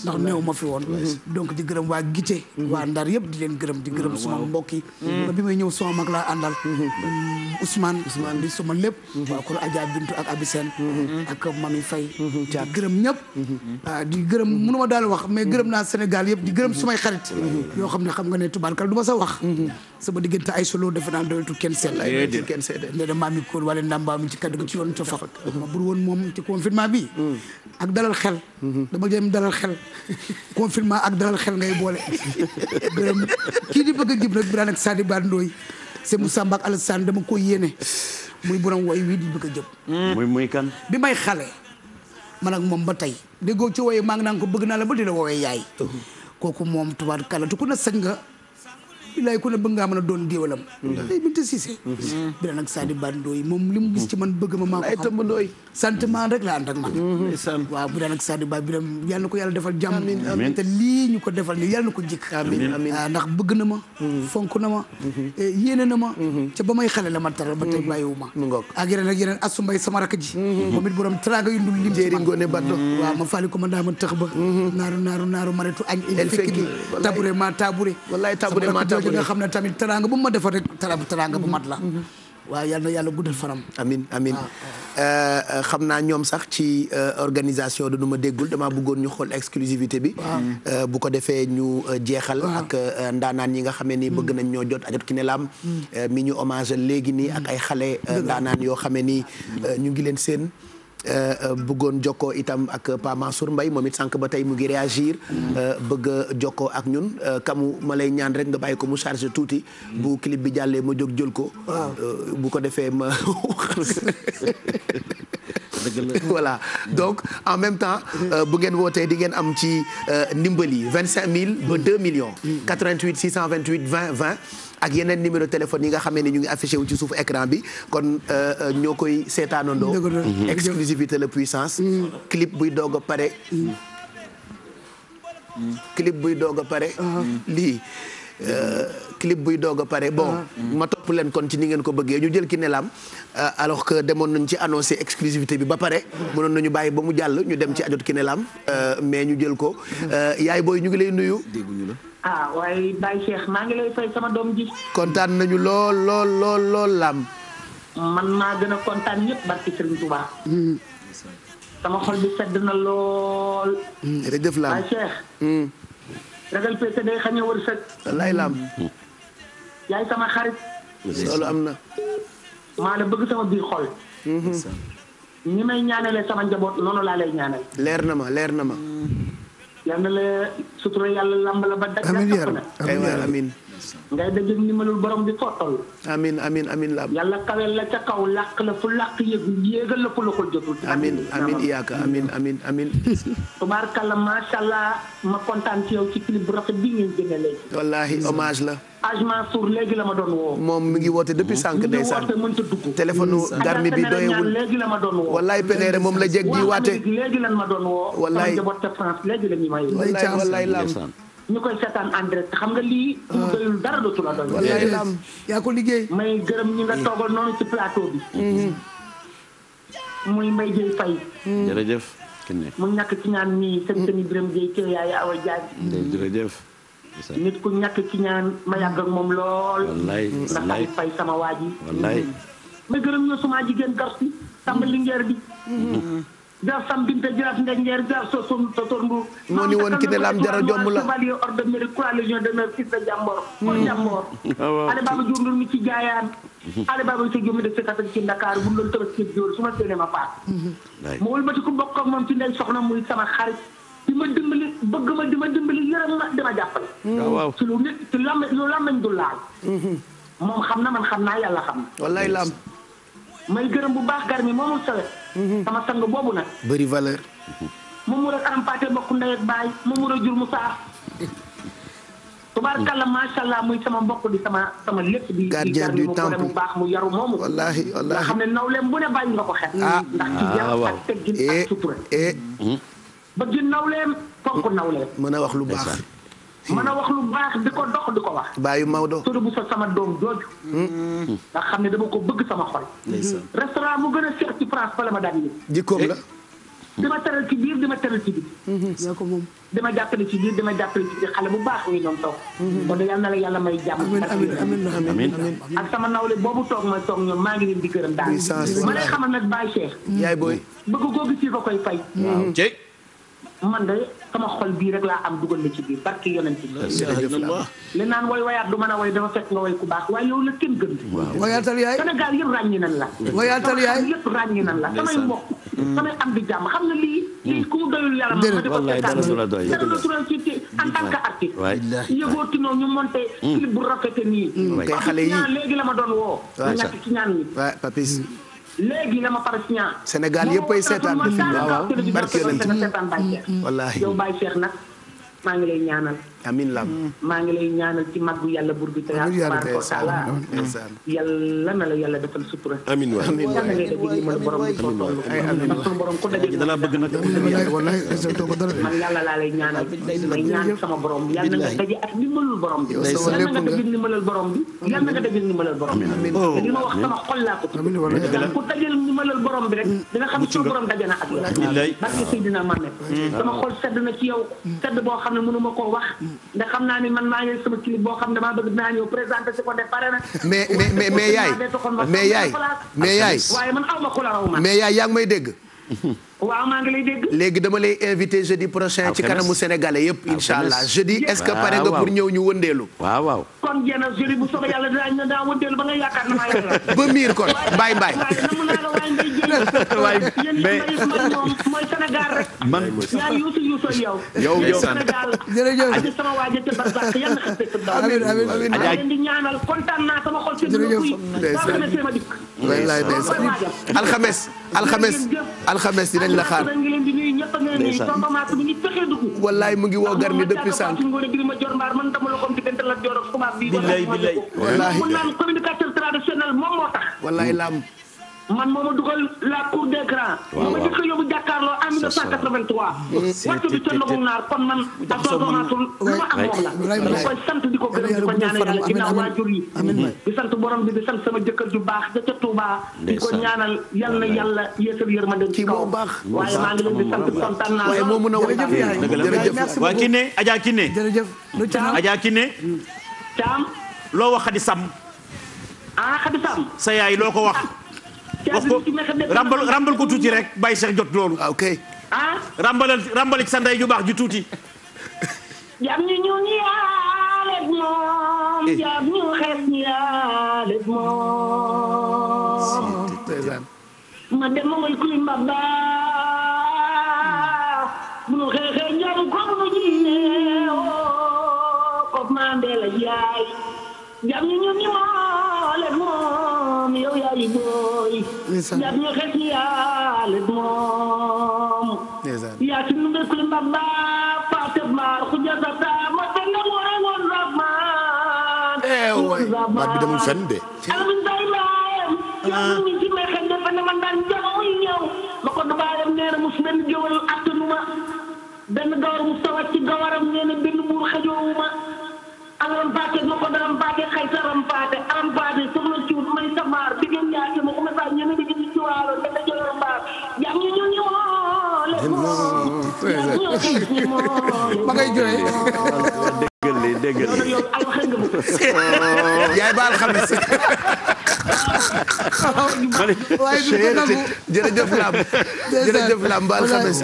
ndax néew ma fi woon. donc di gërëm waa Gite. waa Ndar yëpp di leen gërëm di ah, gërëm suma mbokk yi. ba bi may ñëw suma mag laa àndal. Mm, Ousmane. Ousmane di suma lépp. waa kër Adja Bintu ak Abi Sène. ak Mami fay di gërëm ñëpp. di gërëm mënu ma daal wax mais mm-hmm. gërëm naa Sénégal yëpp di gërëm sumay xarit mm-hmm. yoo xam ne xam nga ne tubaarkal du ma sa wax mm-hmm. sama diggante ay solo defe naa doyatu kenn seet kenn seet ne da maami koon wala ndamba mi ci kaddu ko ci yoon cofa ma bur woon moom ci confinement bi ak dalal xel dama jëm dalal xel confinement ak dalal xel ngay boole gërëm kii di bëgg a gib nag bi daan ak Sadi Ba Ndoye c'est Moussa Mbak Alassane dama ko yéene muy borom way wii di bëgg a mm. muy muy kan man ak moom ba tey déggoo ci wooye maa ngi ko bëgg naa la ba di la woowee yaay kooku moom tubaab kàlla tu ku na sañ nga billaay ku ne bëgg ngaa mën a doon diwalam day binta Cissé bira nag Sadi Bandooy moom li mu gis ci man bëgg ma maa ko xam sentiment rek la ànd ak man mm-hmm. waaw bira nag Sadi Ba biram yàlla na ko yàlla defal jàmm te lii ñu ko defal ni yàlla na ko jikk ndax bëgg na ma mm-hmm. fonk na ma mm-hmm. eh, yéene na ma ca ba may xale la ma taral ba tey bàyyiwu ma ak yeneen ak yeneen Assou Mbaye sama rakk ji moom it borom traga yu ndul lim jéeri ngoone baddo waaw ma fali ko ma daa ma tëx ba naaru naaru naaru maritu añ il fekki tabure ma tabure wallaay tabure ma tabure ji xam ne tamit teraanga bu ma defal rek teraanga bu mat la mm-hmm. waaw yal na yàlla guddal faram amin amin euh, euh, xam naa ñoom sax ci euh, organisation da nu ma déggul damaa bëggoon ñu xool exclusivité bi bu ko defee ñu jeexal ak ndaanaan yi nga xamee ni bëgg mm. nañ ñoo jot ajot ki ne laam mm. mi ñu hommage léegi nii ak mm. ay xale ndaanaan yoo xamee nii ñu ngi leen seen Euh, euh, buggoon jokkoo itam ak Pa Mansour Mbaye moom it sànq ba tey mu ngi réagir euh, bëgg jokkoo ak ñun kamu ma lay ñaan rek nga bàyyi ko mu chargé tuuti bu clip bi jàllee ma jóg jël ko bu ko defee ma voilà donc en même temps bu ngeen wootee di ngeen am ci ndimbal yi vingt cinq mille ba deux millions mm. quatre vingt huit six cent vingt huit ak yeneen numéro téléphone yi nga xamee ne ñu ngi affiché wu ci suuf écran bi kon euh, euh, ñoo koy seetaanandoo mm-hmm. exclusivité la puissance mm-hmm. clip buy doog a pare mm-hmm. clip buy doog a pare uh-huh. lii euh, clip buy doog a pare bon uh-huh. ma topp leen kon ci ni ngeen ko bëggee ñu jël ki ne laam alors que demoon nañ ci annoncé exclusivité bi ba pare uh-huh. mënoon nañu bàyyi ba mu jàll ñu dem ci ajot ki ne laam mais ñu jël ko yaay booy ñu ngi lay nuyu dégguñu la ah waaye Baye Cheikh maa ngi lay fay sama doom ji. kontaan nañu lool lool lool lool laam. man maa gën a kontaan ñëpp barki Serigne Touba. Hmm. sama xol bi sedd na lool. jërëjëf laam laam. yaay sama xarit. loolu am na. maa la bëgg sama biir xol. Hmm. ni may ñaanale sama njaboot noonu laa lay ñaanal. leer na ma leer na ma. Hmm. yal na la sutura yàlla lamb la ba daj. amiin amiin ngay dajeeg ndimalul borom bi fottal amin amin amin la yàlla kawel la ca kaw làq la fu làq yëgu yéegal la fu la jotul amin iyaaka amin amin amin tubaarkàlla macha allah ma kontaan ci ci clip bu rafet bi wallahi hommage la Aj Mansour léegi la ma doon woo. moom mi ngi woote depuis sànq ndeysaan téléphone garmi bi doyewul léegi la peneere moom la jeg di waate. léegi lan ma doon woo. wallaay laam ñu koy seetaan en xam nga lii. ku mu ah. doyul dara dootu la doy. wallaahi laam yaa ko liggéey. may gërëm ñi nga mm. toogal noonu ci plateau bi. Mm-hmm. muy Mbaye Dieye Faye. Mm. jërëjëf. mu ñàkk ci ñaan nii seen mm. sëñ Birame Gueye Kelle yaay Awa Diagne. jërëjëf. nit ku ñàkk ci ñaan ma yàgg moom lool. wallaay wallaay fay sama waa mm-hmm. may gërëm ñoo suma jigéen garsi tàmbali mm-hmm. ngeer bi. jar sam binte jaraaf ndenjeer jar so sum so tormbu moo ni woon kite laam jara bu la chevalier ordre de mérite ale baaba jur mi ci jaayaan mm-hmm. ale baaba ci jëmi def si katak ci ndakaar bu doon tëbas ci jóor su ma séenee ma paas ma mm-hmm. wëlbati ku bokk ak moom ci ndey soxna muy sama xarit di ma dimbali bëgg ma di ma dimbali yërëm ma di ma jàppale mm. ah, ci lu nit ci lam lu lamañ du mm-hmm. moom xam na man xam naa yàlla xam na wallaay laam may gërëm bu baax gar mi moomul sawet mhm. sama sang boobu nag bëri valeur moom war a arampate bokk ndey ak baay moom war a jur mu saax tubaarkàlla macha allah muy sama mbokk di sama sama lépp di gardien du temple bu baax mu yaru moomu wallaahi wallaahi nga xam ne nawleem bu ne bàyyi nga ko xel ah. ndax ci ah, yar ak teggin ak eh, sutura eh. hmm? ba gi nawleem fonk nawleem mën a wax lu baax mën a wax lu baax di ko dox di ko wax. bàyyi Maodo sori bu fa sama doom jooju. Hmm. nga xam ne dama ko bëgg sama xol. restaurant mu gën a seet ci France bala ma daan yëg. jikkoom la. Eh, dama teral ci biir dama teral ci biir. Hmm. yaa ko moom. dama jàppale ci biir dama jàppale ci xale bu baax mi ñoom toog. Hmm. na yàlla may jàmm. amiin amiin amiin amiin boobu toog ma toog ñoom maa ngi leen di gërëm daal. ma lay xamal nag Baye Cheikh. yaay booy. bëgg googu ci ko koy fay. man de sama xol bii rek laa am dugal la ci biir barke yonent bi. li naan woy wayaat du mën a woy dafa fekk nga woy ku baax waaye yow la kenn gën. waaw woyaatal yaay Sénégal yëpp ràññi nan la. woyaatal yaay yëpp ràññi nan la samay mbokk. Mm. samay am di jàmm xam nga lii. lii mm. ku doyul yaram. déedéet wallaay dara su la doy dara su la ci en tant que artiste. waay yëgoo tinoo ñu monté. Mm. clip bu rafete nii. kay xale yi léegi la ma doon woo. waay papis léegi na ma pare signaler. Sénégal yëppay seetaan bi fi waaw barke nañ ci wallaahi yow Baye Cheikh nag maa ngi lay ñaanal. amiin la mm. maa ngi lay ñaanal ci màggu yàlla buur bi te tabaaraka wa taala yàlla na la yàlla defal sutura amiin waay amiin waay amiin waay man yàlla laa lay ñaanal may ñaan sama borom yàlla nga daje ak ndimbalul borom bi yàlla nga daje ndimbalul borom bi yàlla nga daje ndimbalul borom bi li ma wax sama xol laa ko ku dajal ndimbalul borom bi rek dina xam sama borom daje na ak yow barke Seydina Mamet mm. sama xol sedd na ci yow mm. sedd boo xam ne mënuma koo wax ndax xam naa ni man maa ngi sama clip boo xam ne maa bëgg dinaa ñëw présenté si ko def pare na. mais mais mais yaay mais yaay ma ku la raw mais yaay yaa ngi may dégg. waaw maa ngi lay dégg. léegi dama lay invité jeudi prochain. ci kanamu sénégalais yëpp incha allah jeudi est-ce que pare nga pour ñëw ñu wëndeelu. waaw waaw. kon jenn jeudi bu soobee yàlla daañu na daa wëndeelu ba nga yaakaar na maa yàlla. ba miir kon mbaay mbaay. waaye mais mooy Sénégal rek. man yaa yuusu yuusu yow. yow yow Sénégal. jërëjëf aji sama waa jëte barzak yan xas dëkk ndaw. amiin amiin amiin maa leen di ñaanal kontaan naa sama xol ci dugub yi. alxames alxames alxames nañ la xaar wallaay mu ngi woo gar mi depuis sànq billaay billaay wallaay laam man moo ma dugal la cour des grands. waaw waaw ma njëkk a yóbbu jàkkaarloo en 1983. waxtu bi ca Ndogo Naar kon man. asoosamaatul lu ma am moom la. di koy sant di ko gërëm di ko ñaanal yàlla ginnaaw waajur yi. di sant borom bi di sant sama jëkkër ju baax ja ca Touba. di ko ñaanal yal na yàlla yeesal yërmande ci kaw. waaye maa ngi leen di sant kontaan naa. waaye moo mun a wéy jërëjëf waa Kiné Adja Kiné. jërëjëf lu Thiam Adja Kiné. Thiam. loo wax Khady Samb. ah Khady Samb. sa yaay loo ko wax. wax ko rambal rambal ko tuuti rek bàyyi sax jot loolu. ah ok. ah. rambalal rambalik sa ndey ju baax ju tuuti. jam ñu ñu ngi yaaleeg moom. jam eh. ñu xeeb ñu yaaleeg moom. ma dem ma mooy kuy mbaba. bu nu xeexee ñoom comme nu jiwee woo. kooku maa ngi lay jaay. jam ñu ñu ngi yaaleeg moom. moom yow yaay booy yaa ñu xet yaa leen moom yaa ci nu mbekkuy mbab eh, ba paate maar xujata taa ma te nga mu rengoon rab maan eh waay baat bi demul fenn de alamin day baayam yaa ñu ci may xet dafa ne man daan jaxuy ñëw ma ko du baayam neena mus benn géwël attanuma benn gawar mu sawat ci gawaram neena benn buur xajoowuma aram baake moko daram baake xay saram baate aram baate soxla cuut may samar digeen yaake moko ma sa ñene di ci waalo da jël mbaar jam ñu ñu ñu le mo ma ngay jooy dégg nga loolu yow aw xëng bu. yaay baal xam ne. waaye du ko nangu Lam jërëjëf Lam baal xam ne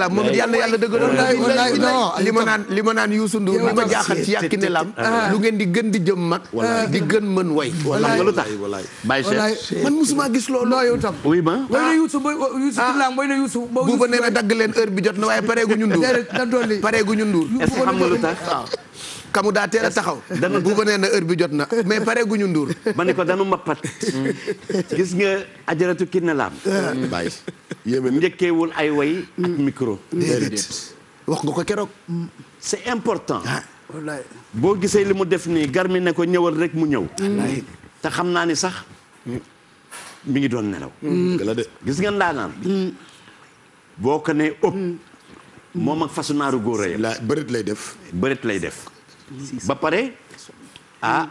Lam moom yàlla yàlla dëggaloon. Ah. li ma naan li ma naan Youssou Ndour li ma jaaxal ci yàq Kiné Lam. Ah. lu ngeen di gën di jëm mag. Ah. di gën mën way. walaay walaay bàyyi Cheikh man musuma gis loolu. non yow tam oui ma. ah Youssou booy Youssou Kiné Lam booy na Youssou. boobu nee na dagg leen heure bi jot na waaye pareegu ñu Ndour. pareegu ñu Ndour. est-ce que xam kamu daa teel a taxaw. dana bu ko nee na heure bi jot na mais pare ñu nduur. ma ne ko danu mappat. gis nga ajaratu Kiné Lam. Ah. bàyyi ay way. ak micro. wax nga ko keroog. c'est important. Ah. boo gisee li mu def nii garmi ne ko ñëwal rek mu ñëw. te xam naa ni sax mu ngi doon nelaw. Mm. Mm. gis nga ndaanaan mm. boo ko nee ëpp. moom ak fasu naaru góor a yem. bërit lay def. bërit lay def. ba pare ah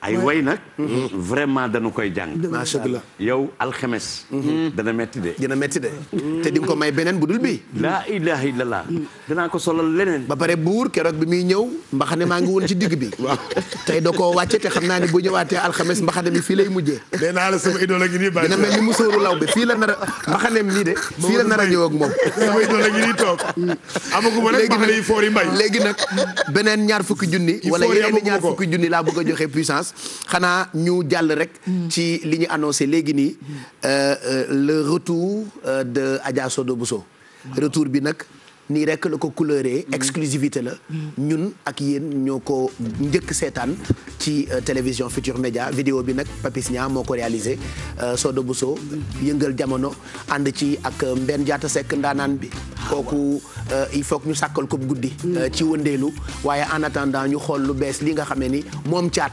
ay way nag. Mhm. vraiment dañu koy jàng. macha allah yow alxemes. Mhm. dana metti de. dina metti de mhm. te di nga ko may beneen bu dul bi laa ilaha illallah. danaa ko solal leneen. ba pare buur keroog bi muy ñëw mbaxane maa ngi woon ci digg bi. waaw tey da koo wàcce te xam naa ne bu ñëwaatee alxemes mbaxane mi fii lay mujjee. nee naa la sama idole gi nii mel ni musóoru law bi fii la nar a mbaxaneem nii de. fii la nar a ñëw ak moom. sama idole gi nii toog. léegi nag beneen ñaar fukki junni. wala yeneen ñaar fukki junni laa bëgg joxe puissance xanaa ñu jàll rek. ci li annoncé léegi nii euh, euh, le retour euh, de Adja Sodo Bousso. retour bi nag nii rek la ko couleuré. exclusivité la. ñun ak yéen ñoo ko njëkk seetaan ci télévision Futur Média vidéo bi nag Papis Nia moo ko réalisé Sodo Bousso yëngal jamono ànd ci ak Mbène Diatta Seck ndaanaan bi. kooku il faut ñu sàkkal ko guddi. ci wëndeelu waaye en attendant ñu xool lu bees li nga xamee ni moom caat.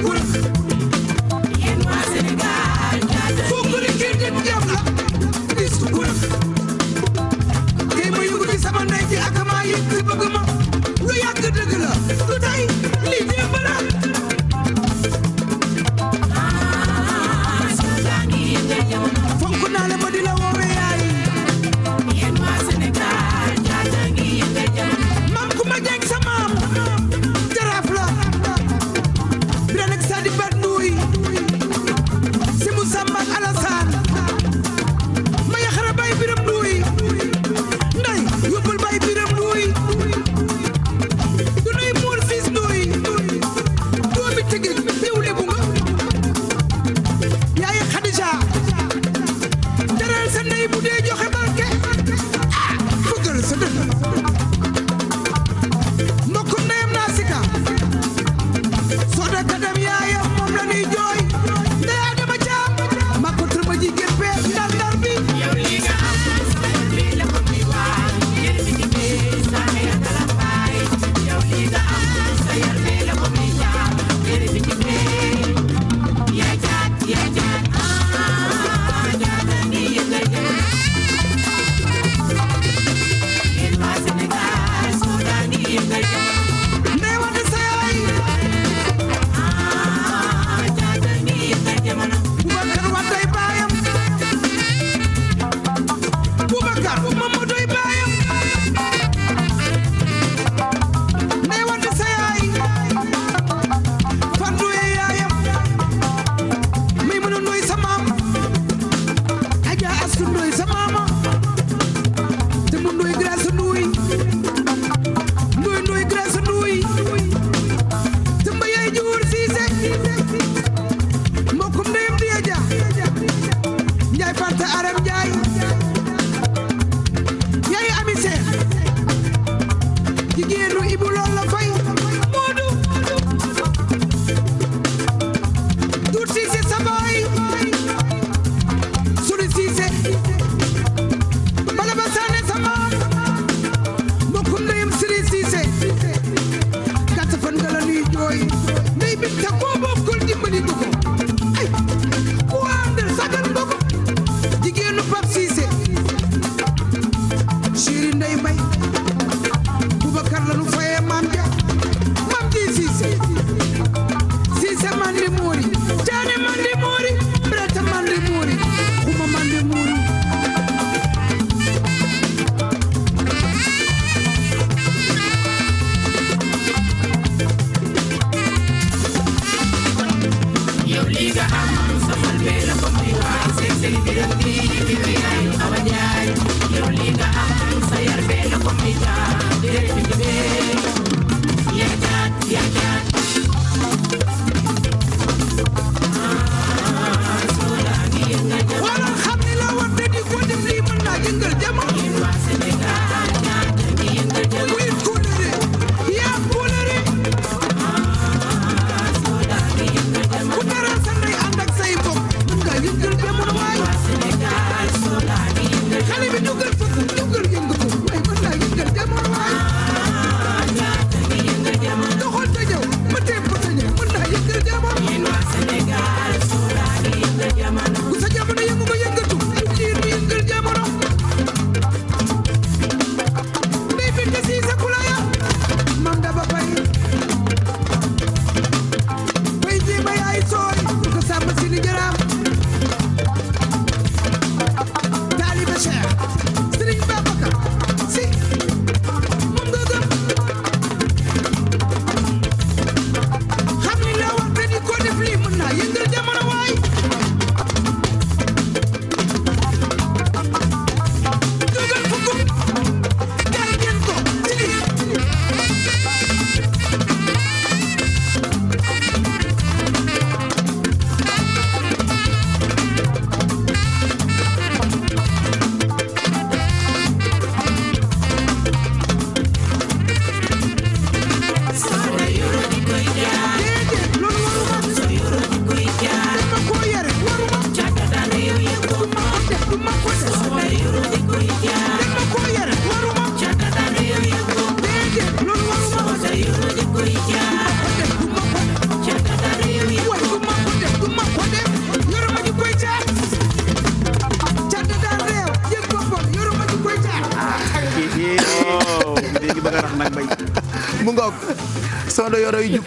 Look at my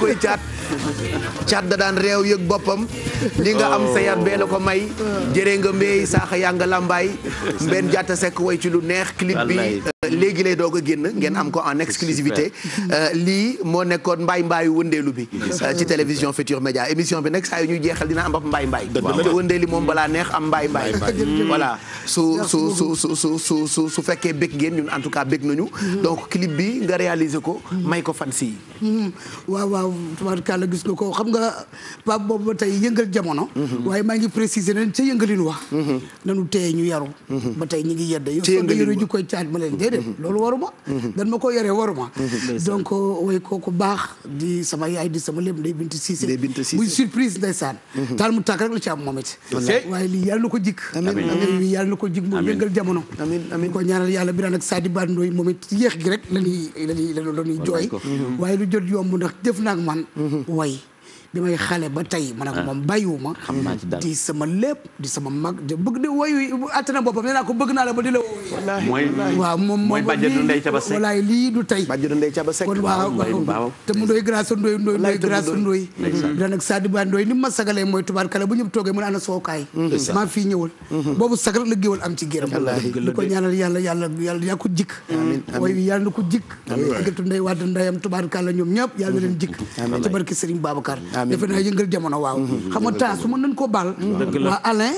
koy caat da daan réew yëg boppam li nga am sa yat bee ko may jërë nga mbéy saaxa yaa nga lambaay mbenn jaata sekk way ci lu neex clip bi léegi lay doog a génn ngeen am ko en exclusivité euh, lii moo nekkoon mbaay mbaayu wëndeelu bi euh, ci télévision Futur Média émission bi nag saa yu ñuy jeexal dina am ab mbaay mbaay te wëndeeli moom balaa neex am mbaay mbaay voilà su su su su su fekkee bëgg ngeen ñun en tout cas bëgg nañu mm-hmm. donc clip bi nga réaliser ko mm-hmm. may ko fan si mm-hmm. waaw waaw tubaarkàlla gis nga ko xam nga Pape boobu ba tey yëngal jamono waaye maa ngi préciser nen ca yëngalin wax nanu teye ñu yaru loolu waruma dan ma ko yoree waruma donc way euh, kooku baax di sama yaay di sama lépp day binti siise muy surprise ndeysaan taal mu tàkk rek la ci am moom it waaye lii yàlla na ko jikk yàlla na ko jik mu yëngal jamono amiin ko ñaanal yàlla bi naan ak Sadi Bandooy moom it yéex gi rek lañuy lañuy lañuy jooy waaye lu jot yomb ndax def naag man way bi may xale ba tey ma ne ko ah. moom bàyyiwuma di sama lépp di sama mag di bëgg di woyu attana boppam nee bëgg naa la ba di la wooyu waaw moom mooy lii du tey bàjjenu ndey caba sek kon waaw te mu doy grâce ndoy ndoy ndoy grâce ndoy daanag Sadi Ba ndoy ni ma sagalee mooy tubaarkala bu ñëpp toogee mu ne ana sookaay maa fii ñëwal mhm. boobu sag rek la géwal am ci géram di ko ñaanal yàlla yàlla yàlla yaa ko jikk wooyu yàlla na ko jikk agatu ndey wadd ndeyam tubaarkala ñoom ñëpp yàlla na leen ci barke Serigne Babacar defe naa yëngal jamono waaw mhm. xam nga temps su ma nañ koo baal mhm. waa Alain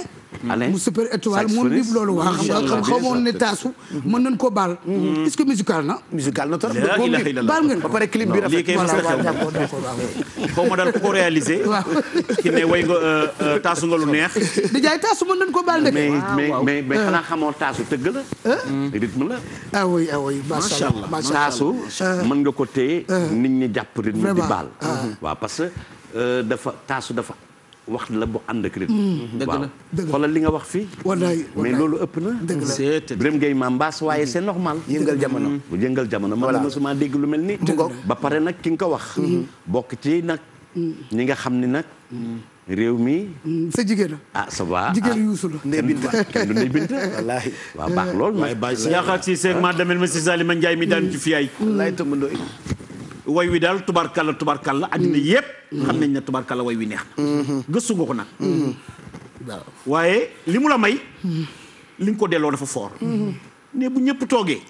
Alain mu super étoile moom lif loolu waa xam nga xamoon taasu mën nañ koo baal mhm. est-ce que musical na musical na trop baal ngeen ba pare clip bi rafet d'accord d'accord xaw ma daal ku ko réalisé waaw ki ne euh, euh, taasu lu neex di jaay taasu mën nañ koo baal ndek ah, mais mais mais euh. xanaa xamoo taasu tëgg la rythme la ah oui ah oui macha allah taasu mën nga ko téye nit ñi jàpp rythme di baal waaw parce que Euh, dafa taasu dafa wax la bu ànd ak rythme. Mm. dëgg li nga wax fii. wallaay loolu ëpp na. dëgg la c'est Birame waaye c'est normal. yëngal jamono mm. bu yëngal jamono. voilà man mosuma dégg lu mel ni. ba pare nag ki nga ko wax. Mm. bokk ci nag. ñi nga xam ni nag. réew mi. sa jigéen la. ah ça va jigéen ah. yuusu la. ndey bint kenn du ndey bint. wallaahi waaw baax loolu. si yàlla ma si mi daan ci fi ay. wallaahi tëmbandoo woy wi daal tubarkalla tubarkalla addina mm. yépp mm. xam nañ ne tubarkalla way wi neex na mm-hmm. gëstu nga ko nag mm-hmm. waaye li mu la may mm-hmm. li nga ko delloo dafa foor ne bu ñëpp toogee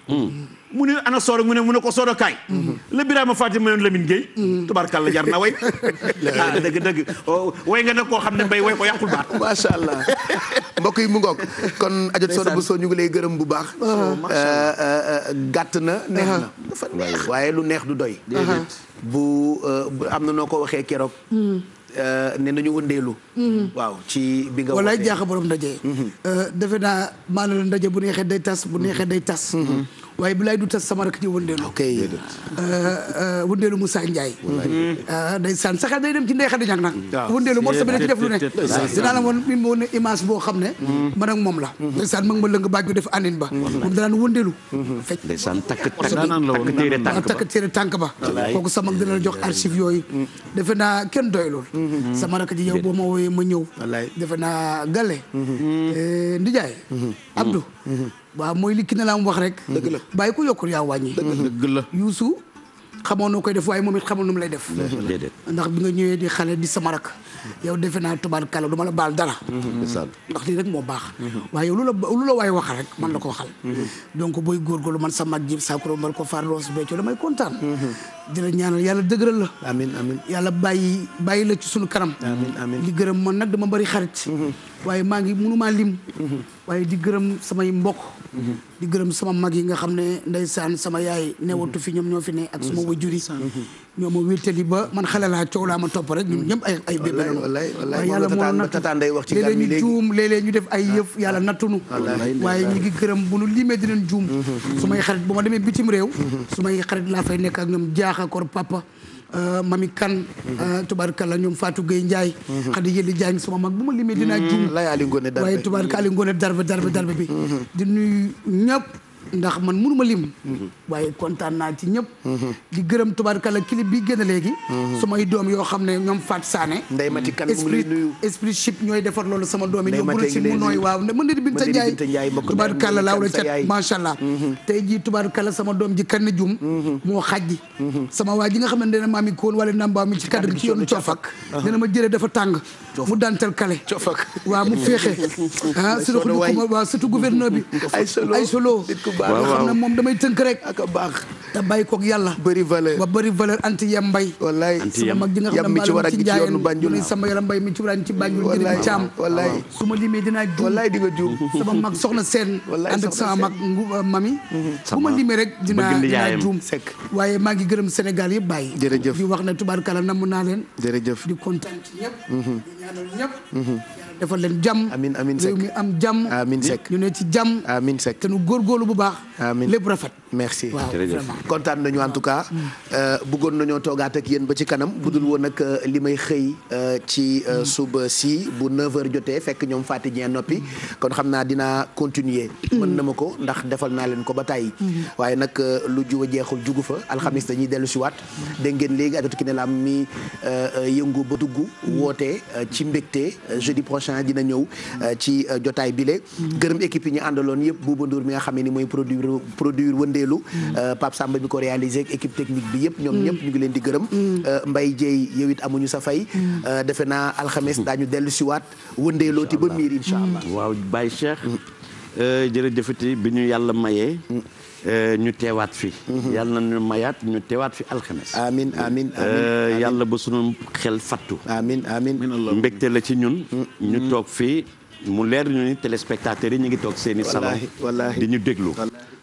mu ne ana sooro mu ne mu ne ko sooro kaay mhm. la Birama Fatim mayoon Lamine Gueye mhm. tubaarkàlla jar na way ah dëgg dëgg oh, way nga nag koo xam ne mbay way ko yàqul baat macha allah mbokk yi mu ngoog kon ajot sooro bu soo ñu ngi lay gërëm bu baax oh, euh, euh, euh, gàtt na neex uh-huh. na dafa waaye lu neex du doy uh-huh. bu am na noo ko waxee keroog hmm. ne nañu wëndeelu hmm. waaw ci bi nga walaay jaaxa borom ndaje hmm. defe naa maa la ndaje bu neexee day tas bu neexee day tas waaye bulaay du tas sama rakk ji wëndeelu. ok euh, euh, wëndeelu Moussa Ndiaye. day euh, saan saxal day dem ci ndey xadi ñag nag. Ah. wëndeelu morso bi da def lu ne. dinaa la woon mi woon image boo xam ne. Mm-hmm. man ak moom la. Mm-hmm. day saan mag ma lëng baaj bi def anin ba. Mm-hmm. moom danaan wëndeelu. fekk day saan takk takk takk téere tànk ba. kooku sama dina la jox archive yooyu. defe naa kenn doyulul. sama rakk ji yow boo ma wooyee ma ñëw. defe naa Gale. Eh, Ndiaye. Abdou. waaw mooy li ki na la am wax rek. dëgg la bàyyi ko yokkul yaa wàññi. dëgg la Youssou xamoon noo koy def waaye moom it xamoon nu mu lay def. ndax bi nga ñëwee di xale di sama rak yow defe naa tubaab kàlla du ma la baal dara. ndax lii rek moo baax. waaye yow lu la lu la waay wax rek man la ko waxal. Mmh. donc booy góorgóorlu man sa mag ji Sakura mbar ko farloos Béthio damay kontaan. di la ñaanal yàlla dëgëral la. amiin yàlla bàyyi bàyyi la ci sunu kanam. amiin amiin gërëm man nag dama bari xarit. Mm-hmm. waaye maa ngi mënumaa lim. Mm-hmm. waaye di gërëm samay mbok mm-hmm. di gërëm sama mag yi nga xam ne saan sama yaay newatu fi ñoom ñoo fi ne ak sama wajur yi ñoo ma wéttali ba man xale laa coow laa ma topp rek ñun ñëpp ay ay bébé lañu waaye yàlla moo nattu léeg-léeg ñu juum léeg-léeg ñu def ay ah, yëf yàlla ah. nattunu waaye ñu ngi gërëm bu nu limee dinañ juum mm-hmm, mm-hmm. su may xarit bu ma demee bitim réew mm-hmm. su may xarit laa fay nekk ak ñoom jaaxa kor papa euh, mami kan euh, la ñoom Fatou Gueye Ndiaye xadi yëlli Diagne sama mag bu ma limee dinaa juum waaye tubaarkalla Ngoné darbe darbe darbe bi di nuyu ñëpp ndax man mënuma lim mhm. waaye kontaan naa ci ñëpp di gërëm tubaarkala clip bi gën a léegi mhm. samay doom yoo xam ne ñoom Fat Sané nday mati kan mu ngi nuyu esprit chip ñooy defar loolu sama doom yi ñoom a si mu a waaw mën nadi bin sa njaay tubaarkala laaw jum moo xajji mhm. sama waa nga xam ne dana maami koon wala nambaaw mi ci cadre ci yoonu coofak dana ma jëlee dafa tàng mu dantal kale coofak mu féexe ah surtout waaw bi ay solo waaw nga xam ne moom damay tënk rek ak a baax te bàyyi yàlla bari valeur ba bari valeur ant yem mbay wallaay sama mag ji nga xam ne ci war a ci yoonu Banjul sama yaram mbay mi ci waraan ci Banjul jëriñ caam wallaay ma limee dinaa juum wallaay di nga juum sama mag soxna seen ànd ak sama mag euh, mami bu mhm. ma limee rek dina dinaa juum sekk waaye maa ngi gërëm Sénégal yëpp bàyyi jërëjëf di wax na ne tubaarkala namm naa leen jërëjëf di kontaan ci defal leen jàmm amiin amiin sekk réew mi am jàmm amiin sekk ñu ne ci jàmm amiin sekk te bu baax amiin lépp rafet merci waaw vraiment kontaan nañu en tout cas mm. euh, bëggoon nañoo toogaat ak yéen ba ci kanam budul woon ak euh, li may xëy euh, ci mm. suba si bu 9h jotee fekk ñoom Fatou Dieng noppi mm. kon xam naa dinaa continuer mën na ma ko ndax defal naa leen ko ba tàyyi waaye nag lu juba jeexul jugu fa alxamis dañuy dellu si waat dégg ngeen léegi adatu ki ne laam mi yëngu ba dugg wootee ci mbégte jeudi prochain prochain dina ñëw. Euh, ci euh, jotaay bile. gërëm équipe yi ñu àndaloon yëpp Bouba Ndour mi nga xam ne ni mooy produire produire wëndeelu. Mm. Euh, Pape Samba mi ko réalisé ak équipe technique bi yëpp. ñoom mm. ñëpp ñu ngi leen di gërëm. Mm. Mbaye Dieye yow it amuñu sa fay. defe naa alxames daañu dellu si waat ba miir incha allah. waaw Baye Cheikh. jërëjëfati bi ñu yàlla mayee. Euh, ñu teewaat fi mhm. yàlla na ñu mayaat ñu teewaat fi alxames amin amin euh, yàlla ba sunu xel fattu amin amin mbégte la ci ñun mm-hmm. ñu toog fii mu leer ñu ni téléspectateurs yi ñu ngi toog seeni salon di ñu déglu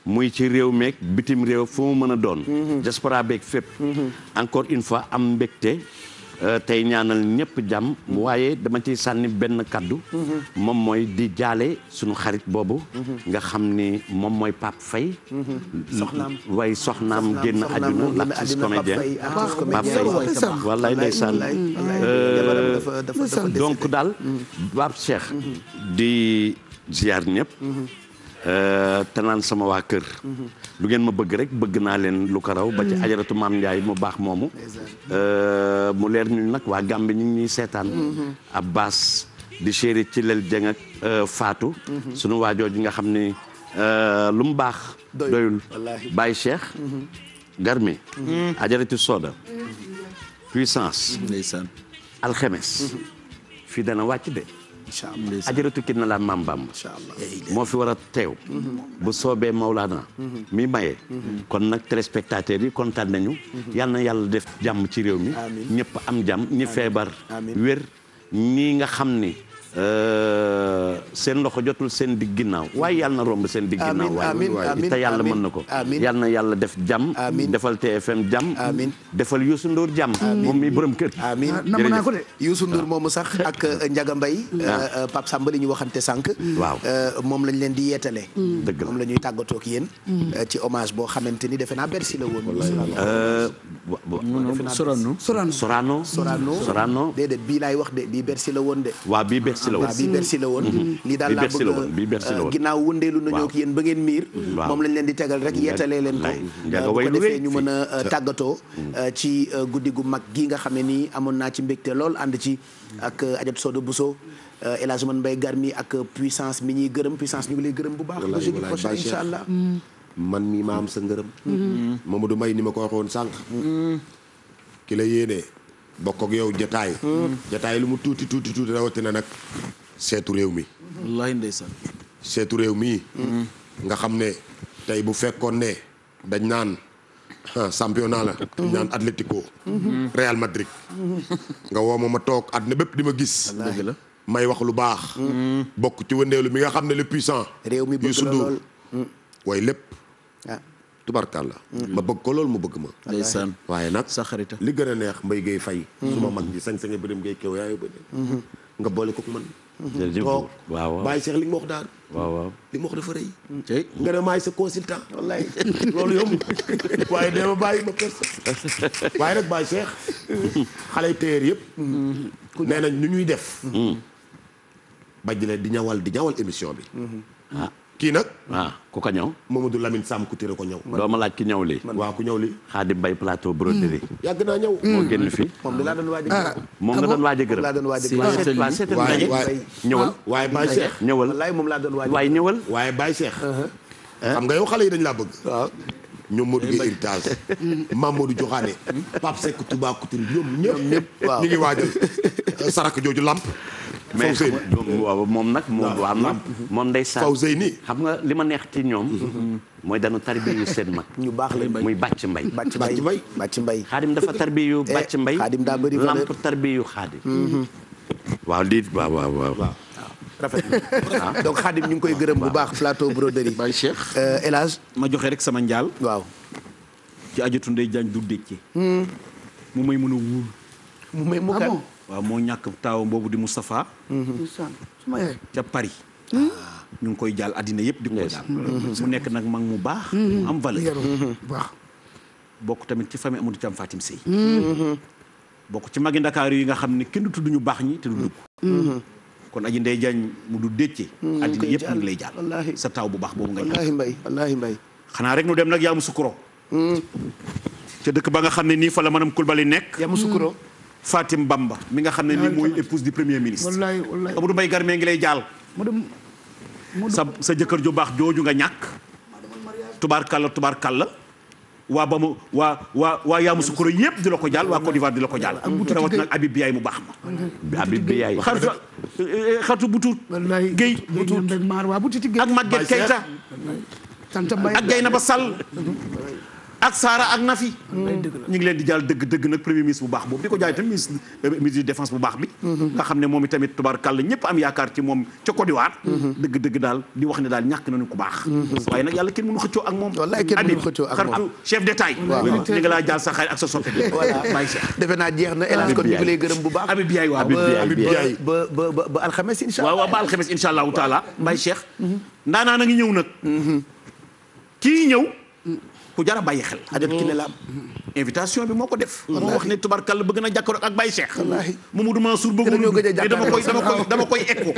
muy ci réew meeg bitim réew foo mu mën a doon mm-hmm. diaspora beeg fépp mm-hmm. encore une fois am mbégte Euh, tey ñaanal ñëpp jàmm mhm. waaye dama ci sànni benn kàddu mhm. moom mooy di jaale suñu xarit boobu mhm. nga xam ni moom mooy Pape Faye soxnaam waaye soxnaam génn àdduna l'artiste comédien Pape Faye donc daal mm-hmm. Pape Cheikh mm-hmm. di ziar ñëpp mm-hmm. euh, te naan sama waa kër lu ngeen ma bëgg rek bëgg naa leen lu ko raw ba ci hmm. ajaratu maam Ndiaye mu baax moomu euh, mu leer ñu nag waa Gàmbi ñu ngi ñuy seetaan hmm. ab baas di chéri ci lel jëng ak euh, Fatou hmm. sunu waajooju nga xam ni euh, lu mu baax doyul Baye Cheikh Garmi ajaratu Soda puissance alxemes fii dana wàcc de incha allah ajaratu ki na laa maam Bamba. Eh, moo fi war a teew. Mm-hmm. bu soobee Maulana. Mm-hmm. mi maye. Mm-hmm. kon nag téléspectateurs yi kontaan nañu. yal na yàlla def jàmm ci réew mi. ñëpp am jàmm ñi feebar. wér ñii nga xam ni. Euh, seen loxo jotul seen digg ginnaaw waaye yàlla na romb seen digg ginnaaw waaye te yàlla mën na ko yàlla na yàlla def jàmm defal TFM jàmm defal Youssou Ndour moom mi borom kër amiin de Youssou Ndour ah. moomu sax ak euh, Ndiaga Mbaye ah. euh, Pape Samba li ñu waxante sànq waaw moom lañ leen di yeetale mm. dëgg la moom la ñuy tàggatoo ak yéen mm. ci hommage boo xamante ni defe naa Bercy la woon Sorano Sorano Sorano Sorano déedéet bii laay wax de bii Bercy la woon de waaw bii Bercy la woon waaw bii la woon mhm. lii daal laa bëgg euh, ginnaaw wëndeelu nañoo ak yéen ba ngeen miir moom lañ leen di tegal rek yeetalee leen ko euh, bu ko defee ñu mën a euh, tàggatoo mm. ci guddi gu mag gi nga xam ne nii amoon naa ci mbégte lool ànd ci ak Adjot Sodo Bousso El Hadj Oumar Mbaye Garmi ak puissance mi ñuy gërëm puissance ñu ngi lay gërëm bu baax la jeudi prochain incha allah mm. man mii ma am sa ngërëm mm-hmm. Mamadou Mbaye ni ma ko waxoon sànq mm-hmm. ki la yéenee bokk yow jataay jataay lu mu tuuti tuuti tuuti rawatina nag seetu réew mi wallaahi ndeysaan seetu réew mii nga xam ne tey bu fekkoon ne dañ naan ah, championnat la dañ naan Atlético Real Madrid nga woo ma ma toog àddina bépp di ma gis may wax lu baax mm. bokk ci wëndeelu mi nga xam ne le puissant réew mi bëgg la way lépp tubarkàlla mm-hmm. ma bëgg ko loolu mu bëgg ma ndeysaan waaye nag sa xarita li gën a neex mbay gay fay mm-hmm. su ma mag ji sañ-saña birim ngay kew yaayu ba mm-hmm. nga boole ko man jërëjëf toog waaw bàyyi Cheikh li nga ma daal waaw li ma wax dafa rëy nga ne maay sa consultant wallaay loolu yomb waaye dee ma bàyyi ma perso waaye nag bàyyi Cheikh xale yi téyeer yëpp nee nañ nu ñuy def baj leen di ñawal di ñawal émission bi ah. kii nag waaw ah, ku ko ñëw Mamadou Lamine Sam ku téré ko ñëw doo ma laaj ki ñaw li waa ku ñëw li Xaadim Bay plateau broderie hmm. yàgg naa ñëw moo génn hmm. moom da laa doon waaj a ah. moom nga ah, doon waaj a gërëm laa doon waaj a gërëm waaw seetal waaye ñëwal waaye Baye Cheikh ñëwal wallaay moom laa doon waaj waaye ñëwal waaye Baye Cheikh eh? xam nga yow xale yi dañ laa bëgg waaw ñoom Modou Gueye héritage Mamadou Joxaane Pape Seck Touba Couture ñoom ñëpp ñu ngi waajal sarak jooju lamp mais moom nag moom waaw moom moom ndeysaan xam nga li ma neex ci ñoom mooy danu tarbiyu seen mag ñu baax la muy bàcc mbay bàcc mbay bàcc mbay xaadim dafa tarbiyu eh, bàcc mbay xaadim daa bëri lamp tarbiyu xaadim mhm. waaw waaw waaw waaw rafet ah. donc xaadim ñu ngi koy gërëm bu baax plateau broderie bay Cheikh euh, El Hadj ma joxe rek sama njaal waaw ci ajatu ndey jaañ du décce hmm. mu may mën a wuur mu may mu kan ah waaw moo ñàkk taawam boobu di Moustapha. Mm-hmm. suma yaay ca Paris. Hmm? Ah, ñu ngi koy jàll àddina yëpp di ko jàll. Mm-hmm. mu nekk nag mag mu baax. mu mm-hmm. am valeur baax. bokk tamit ci famille Amadou Thiam Fatim Sey. bokk ci mag magi Ndakaaru yi nga xam ne kenn du tudd ñu baax ñi te du dugg. kon aji ndey jañ mu du décce. àddina yëpp mu ngi lay jàll. sa taaw bu baax boobu nga ñàkk mbay wallaahi mbay. xanaa rek nu dem nag Yamoussoukro. ca dëkk ba nga xam ne nii fa la maanaam Koulibaly nekk. Fatim Bamba mi nga xam ne ni mooy épouse du premier ministre. wallaay wallaay Amadou Mbaye Garmé ngi lay jaal. sa sa jëkkër ju baax jooju nga ñàkk. tubaar tubaar tubaarkalla. waa ba mu waa waa waa Yamoussoukro yëpp di la ko jaal waa Côte d'Ivoire di la ko jaal. rawatina ak Habib Biaye mu baax ma. Habib Biaye xaritu eh, eh, xaritu Butuut. wallaay Guèye Butuut ak Maguette Keita. ak Gaynaba Sall. ak Saara ak Nafi. ñu ngi leen di jàll dëgg dëgg nag premier ministre bu baax boobu di ko jaay tamit ministre euh, ministre bu baax bi. Mm-hmm. nga xam ne moom itamit tubaarkàlla ñëpp am yaakaar ci moom ca Côte mm-hmm. dëgg dëgg daal di wax ne daal ñàkk nañu ku baax. Mm-hmm. waaye nag yàlla kenn mënu xëccoo ak moom. wallaay kenn mënu xëccoo ak bi. naa jeex na El Hadj kon waaw ba ba ba ba alxames incha allah. waaw ba alxames incha allahu taala bàyyi Cheikh ndaanaa na ngi ñëw nag kii ñëw ku jar a bàyyi xel. Hajat mm-hmm. Kiné Lam invitation bi moo ko def. moo wax ne tubarkalla bëgg na jàkkaarloo ak Baye Cheikh. wallaahi Mamadou Mansour bëgg dama koy dama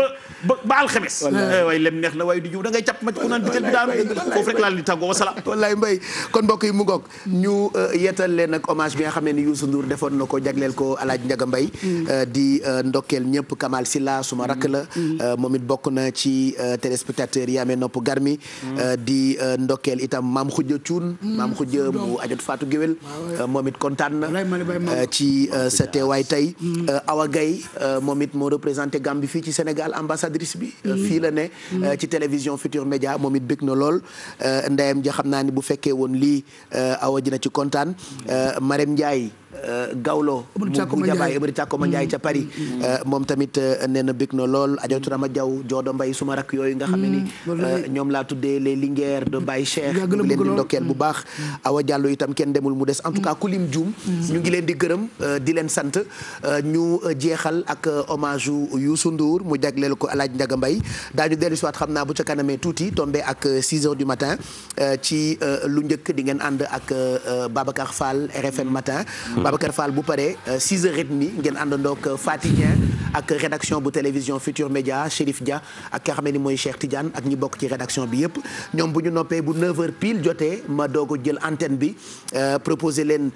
ba ba ba alxames. wallaahi eh, waaye lem neex na waaye du jiw da ngay jàpp ma ci ku naan ditel bi daanu. foofu di tàggoo yi mu ñu eh, yeetal leen ak hommage bi nga xam ne ni Youssou Ndour defoon na ko jagleel ko El Hadj Ndiaga Mbaye mm. eh, di ndokkeel ñëpp si Silla suma rakk la. Mm. Mm. moom it bokk na ci téléspectateurs yi amee nopp garmi di ndokkeel itam maam Khoudia Thioune maam Khoudia mu xarit Fatou Guewel moom it kontaan ci euh, sa teewaay tey euh, Awa Gaye euh, moom it moo représenté Gambie fii ci Sénégal ambassadrice bi fii la ne mm. ci télévision Futur Média moom it na lool ndeyam ja xam naa ni bu fekkee woon lii Awa dina ci kontaan Marème Ndiaye Euh, Gawlo mu jabaay Ibri Càkkoma Njaay ca Paris mm. Mm. Euh, moom tamit euh, nee na bég na lool ajatu Rama Jaw Joodo Mbay suma rak yooyu nga xam ne ni mm. ñoom laa tuddee les Linguères de Baye Cheikh ñu leen di ndokkeel bu baax Awa Jàllo itam kenn demul mu des en tout cas ku lim ñu ngi leen di gërëm di leen sant ñu jeexal ak hommage u Youssou Ndour mu jagleel ko Alaaj Njaga Mbay daañu dellu si waat xam naa bu ca kanamee tuuti tombé ak 6 heures du matin ci lu njëkk di ngeen ànd ak Babacar Fall RFM matin Mhm. Babacar Fall bu paree 6 euh, heures et demie ngeen àndandoog euh, Fatick ak rédaction bu télévision Futur Média Chérif Dia ak ki nga xam ne ni mooy Cheikh Tidiane ak ñi bokk ci rédaction bi yëpp ñoom bu ñu noppee bu 9 heures pile jotee ma doog jël antenne bi euh, proposer leen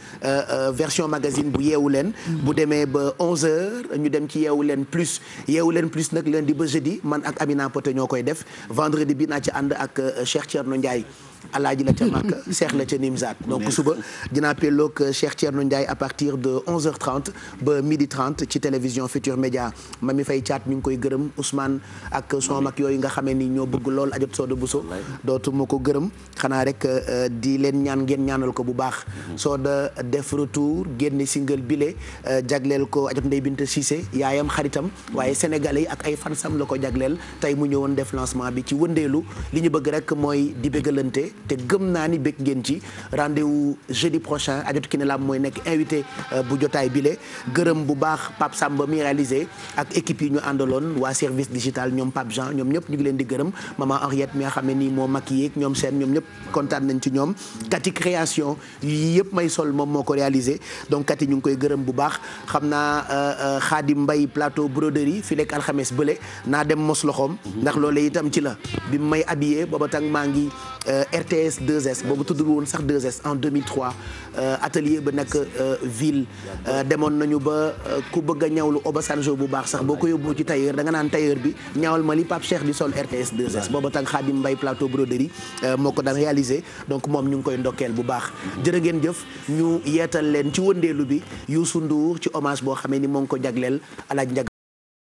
version magasine bu yeewu leen. Mhm. bu demee ba 11 ñu dem ci yeewu leen plus yeewu leen plus nag di ba jeudi man ak Amina Poté ñoo koy def vendredi bi naa ci ànd ak Cheikh Thierno Ndiaye. alaaji la ca Makka seex la ca Nimzaat donc suba dinaa pelloog Cheikh Thierno Ndiaye à partir de 11h30 ba midi 30 ci télévision Futur Média ma mi fay Thiat ñu ngi koy gërëm Ousmane ak son mag yooyu nga xamee ni ñoo bëgg lool ajot Soda Bousso dootuma ko gërëm xanaa rek euh, euh, di leen ñaan ngeen ñaanal ko bu baax mhm. Soda def retour génne single bile euh, jagleel ko ajot Ndeye Binta Cissé yaayam xaritam waaye mhm. sénégalais yi ak ay fansam la ko jagleel tey mu ñëwoon def bi ci wëndeelu li ñu bëgg rek mooy di bëggalante te gëm naa ni bëgg ngeen ci rendez-vous jeudi prochain Adjatou Kiné Lam mooy nekk invité euh, bu jotaay bile gërëm bu baax Pape Samba mi réalisé ak équipe yi ñu àndaloon waa service digital ñoom Pape Jean ñoom ñëpp ñu ngi leen di gërëm maman Henriette mi nga xam ne nii moo maquillé ak ñoom seen ñoom ñëpp kontaan nañ ci ñoom Kati création yi yëpp may sol moom moo ko réalisé donc Kati ñu ngi koy gërëm bu baax xam naa Xaadim euh, euh, Mbay plateau broderie fi lekk alxames bële naa dem mos loxoom ndax loolee ci la may habillé booba RTS 2S boobu tuddul woon sax 2S en 2003 euh, atelier ba nekk euh, ville euh, demoon nañu ba ku bëgg a ñawlu Obasanjo bu baax sax boo ko yóbboo ci tailleur da nga naan tailleur bi ñawal ma li Pape Cheikh di sol RTS 2S booba tag Khadim Mbaye plateau broderie moo ko daan réalisé donc moom ñu ngi koy ndokkeel bu baax jërë ngeen jëf ñu yeetal leen ci wëndeelu bi Youssou Ndour ci hommage boo xamee ni moo ngi ko jagleel alaaj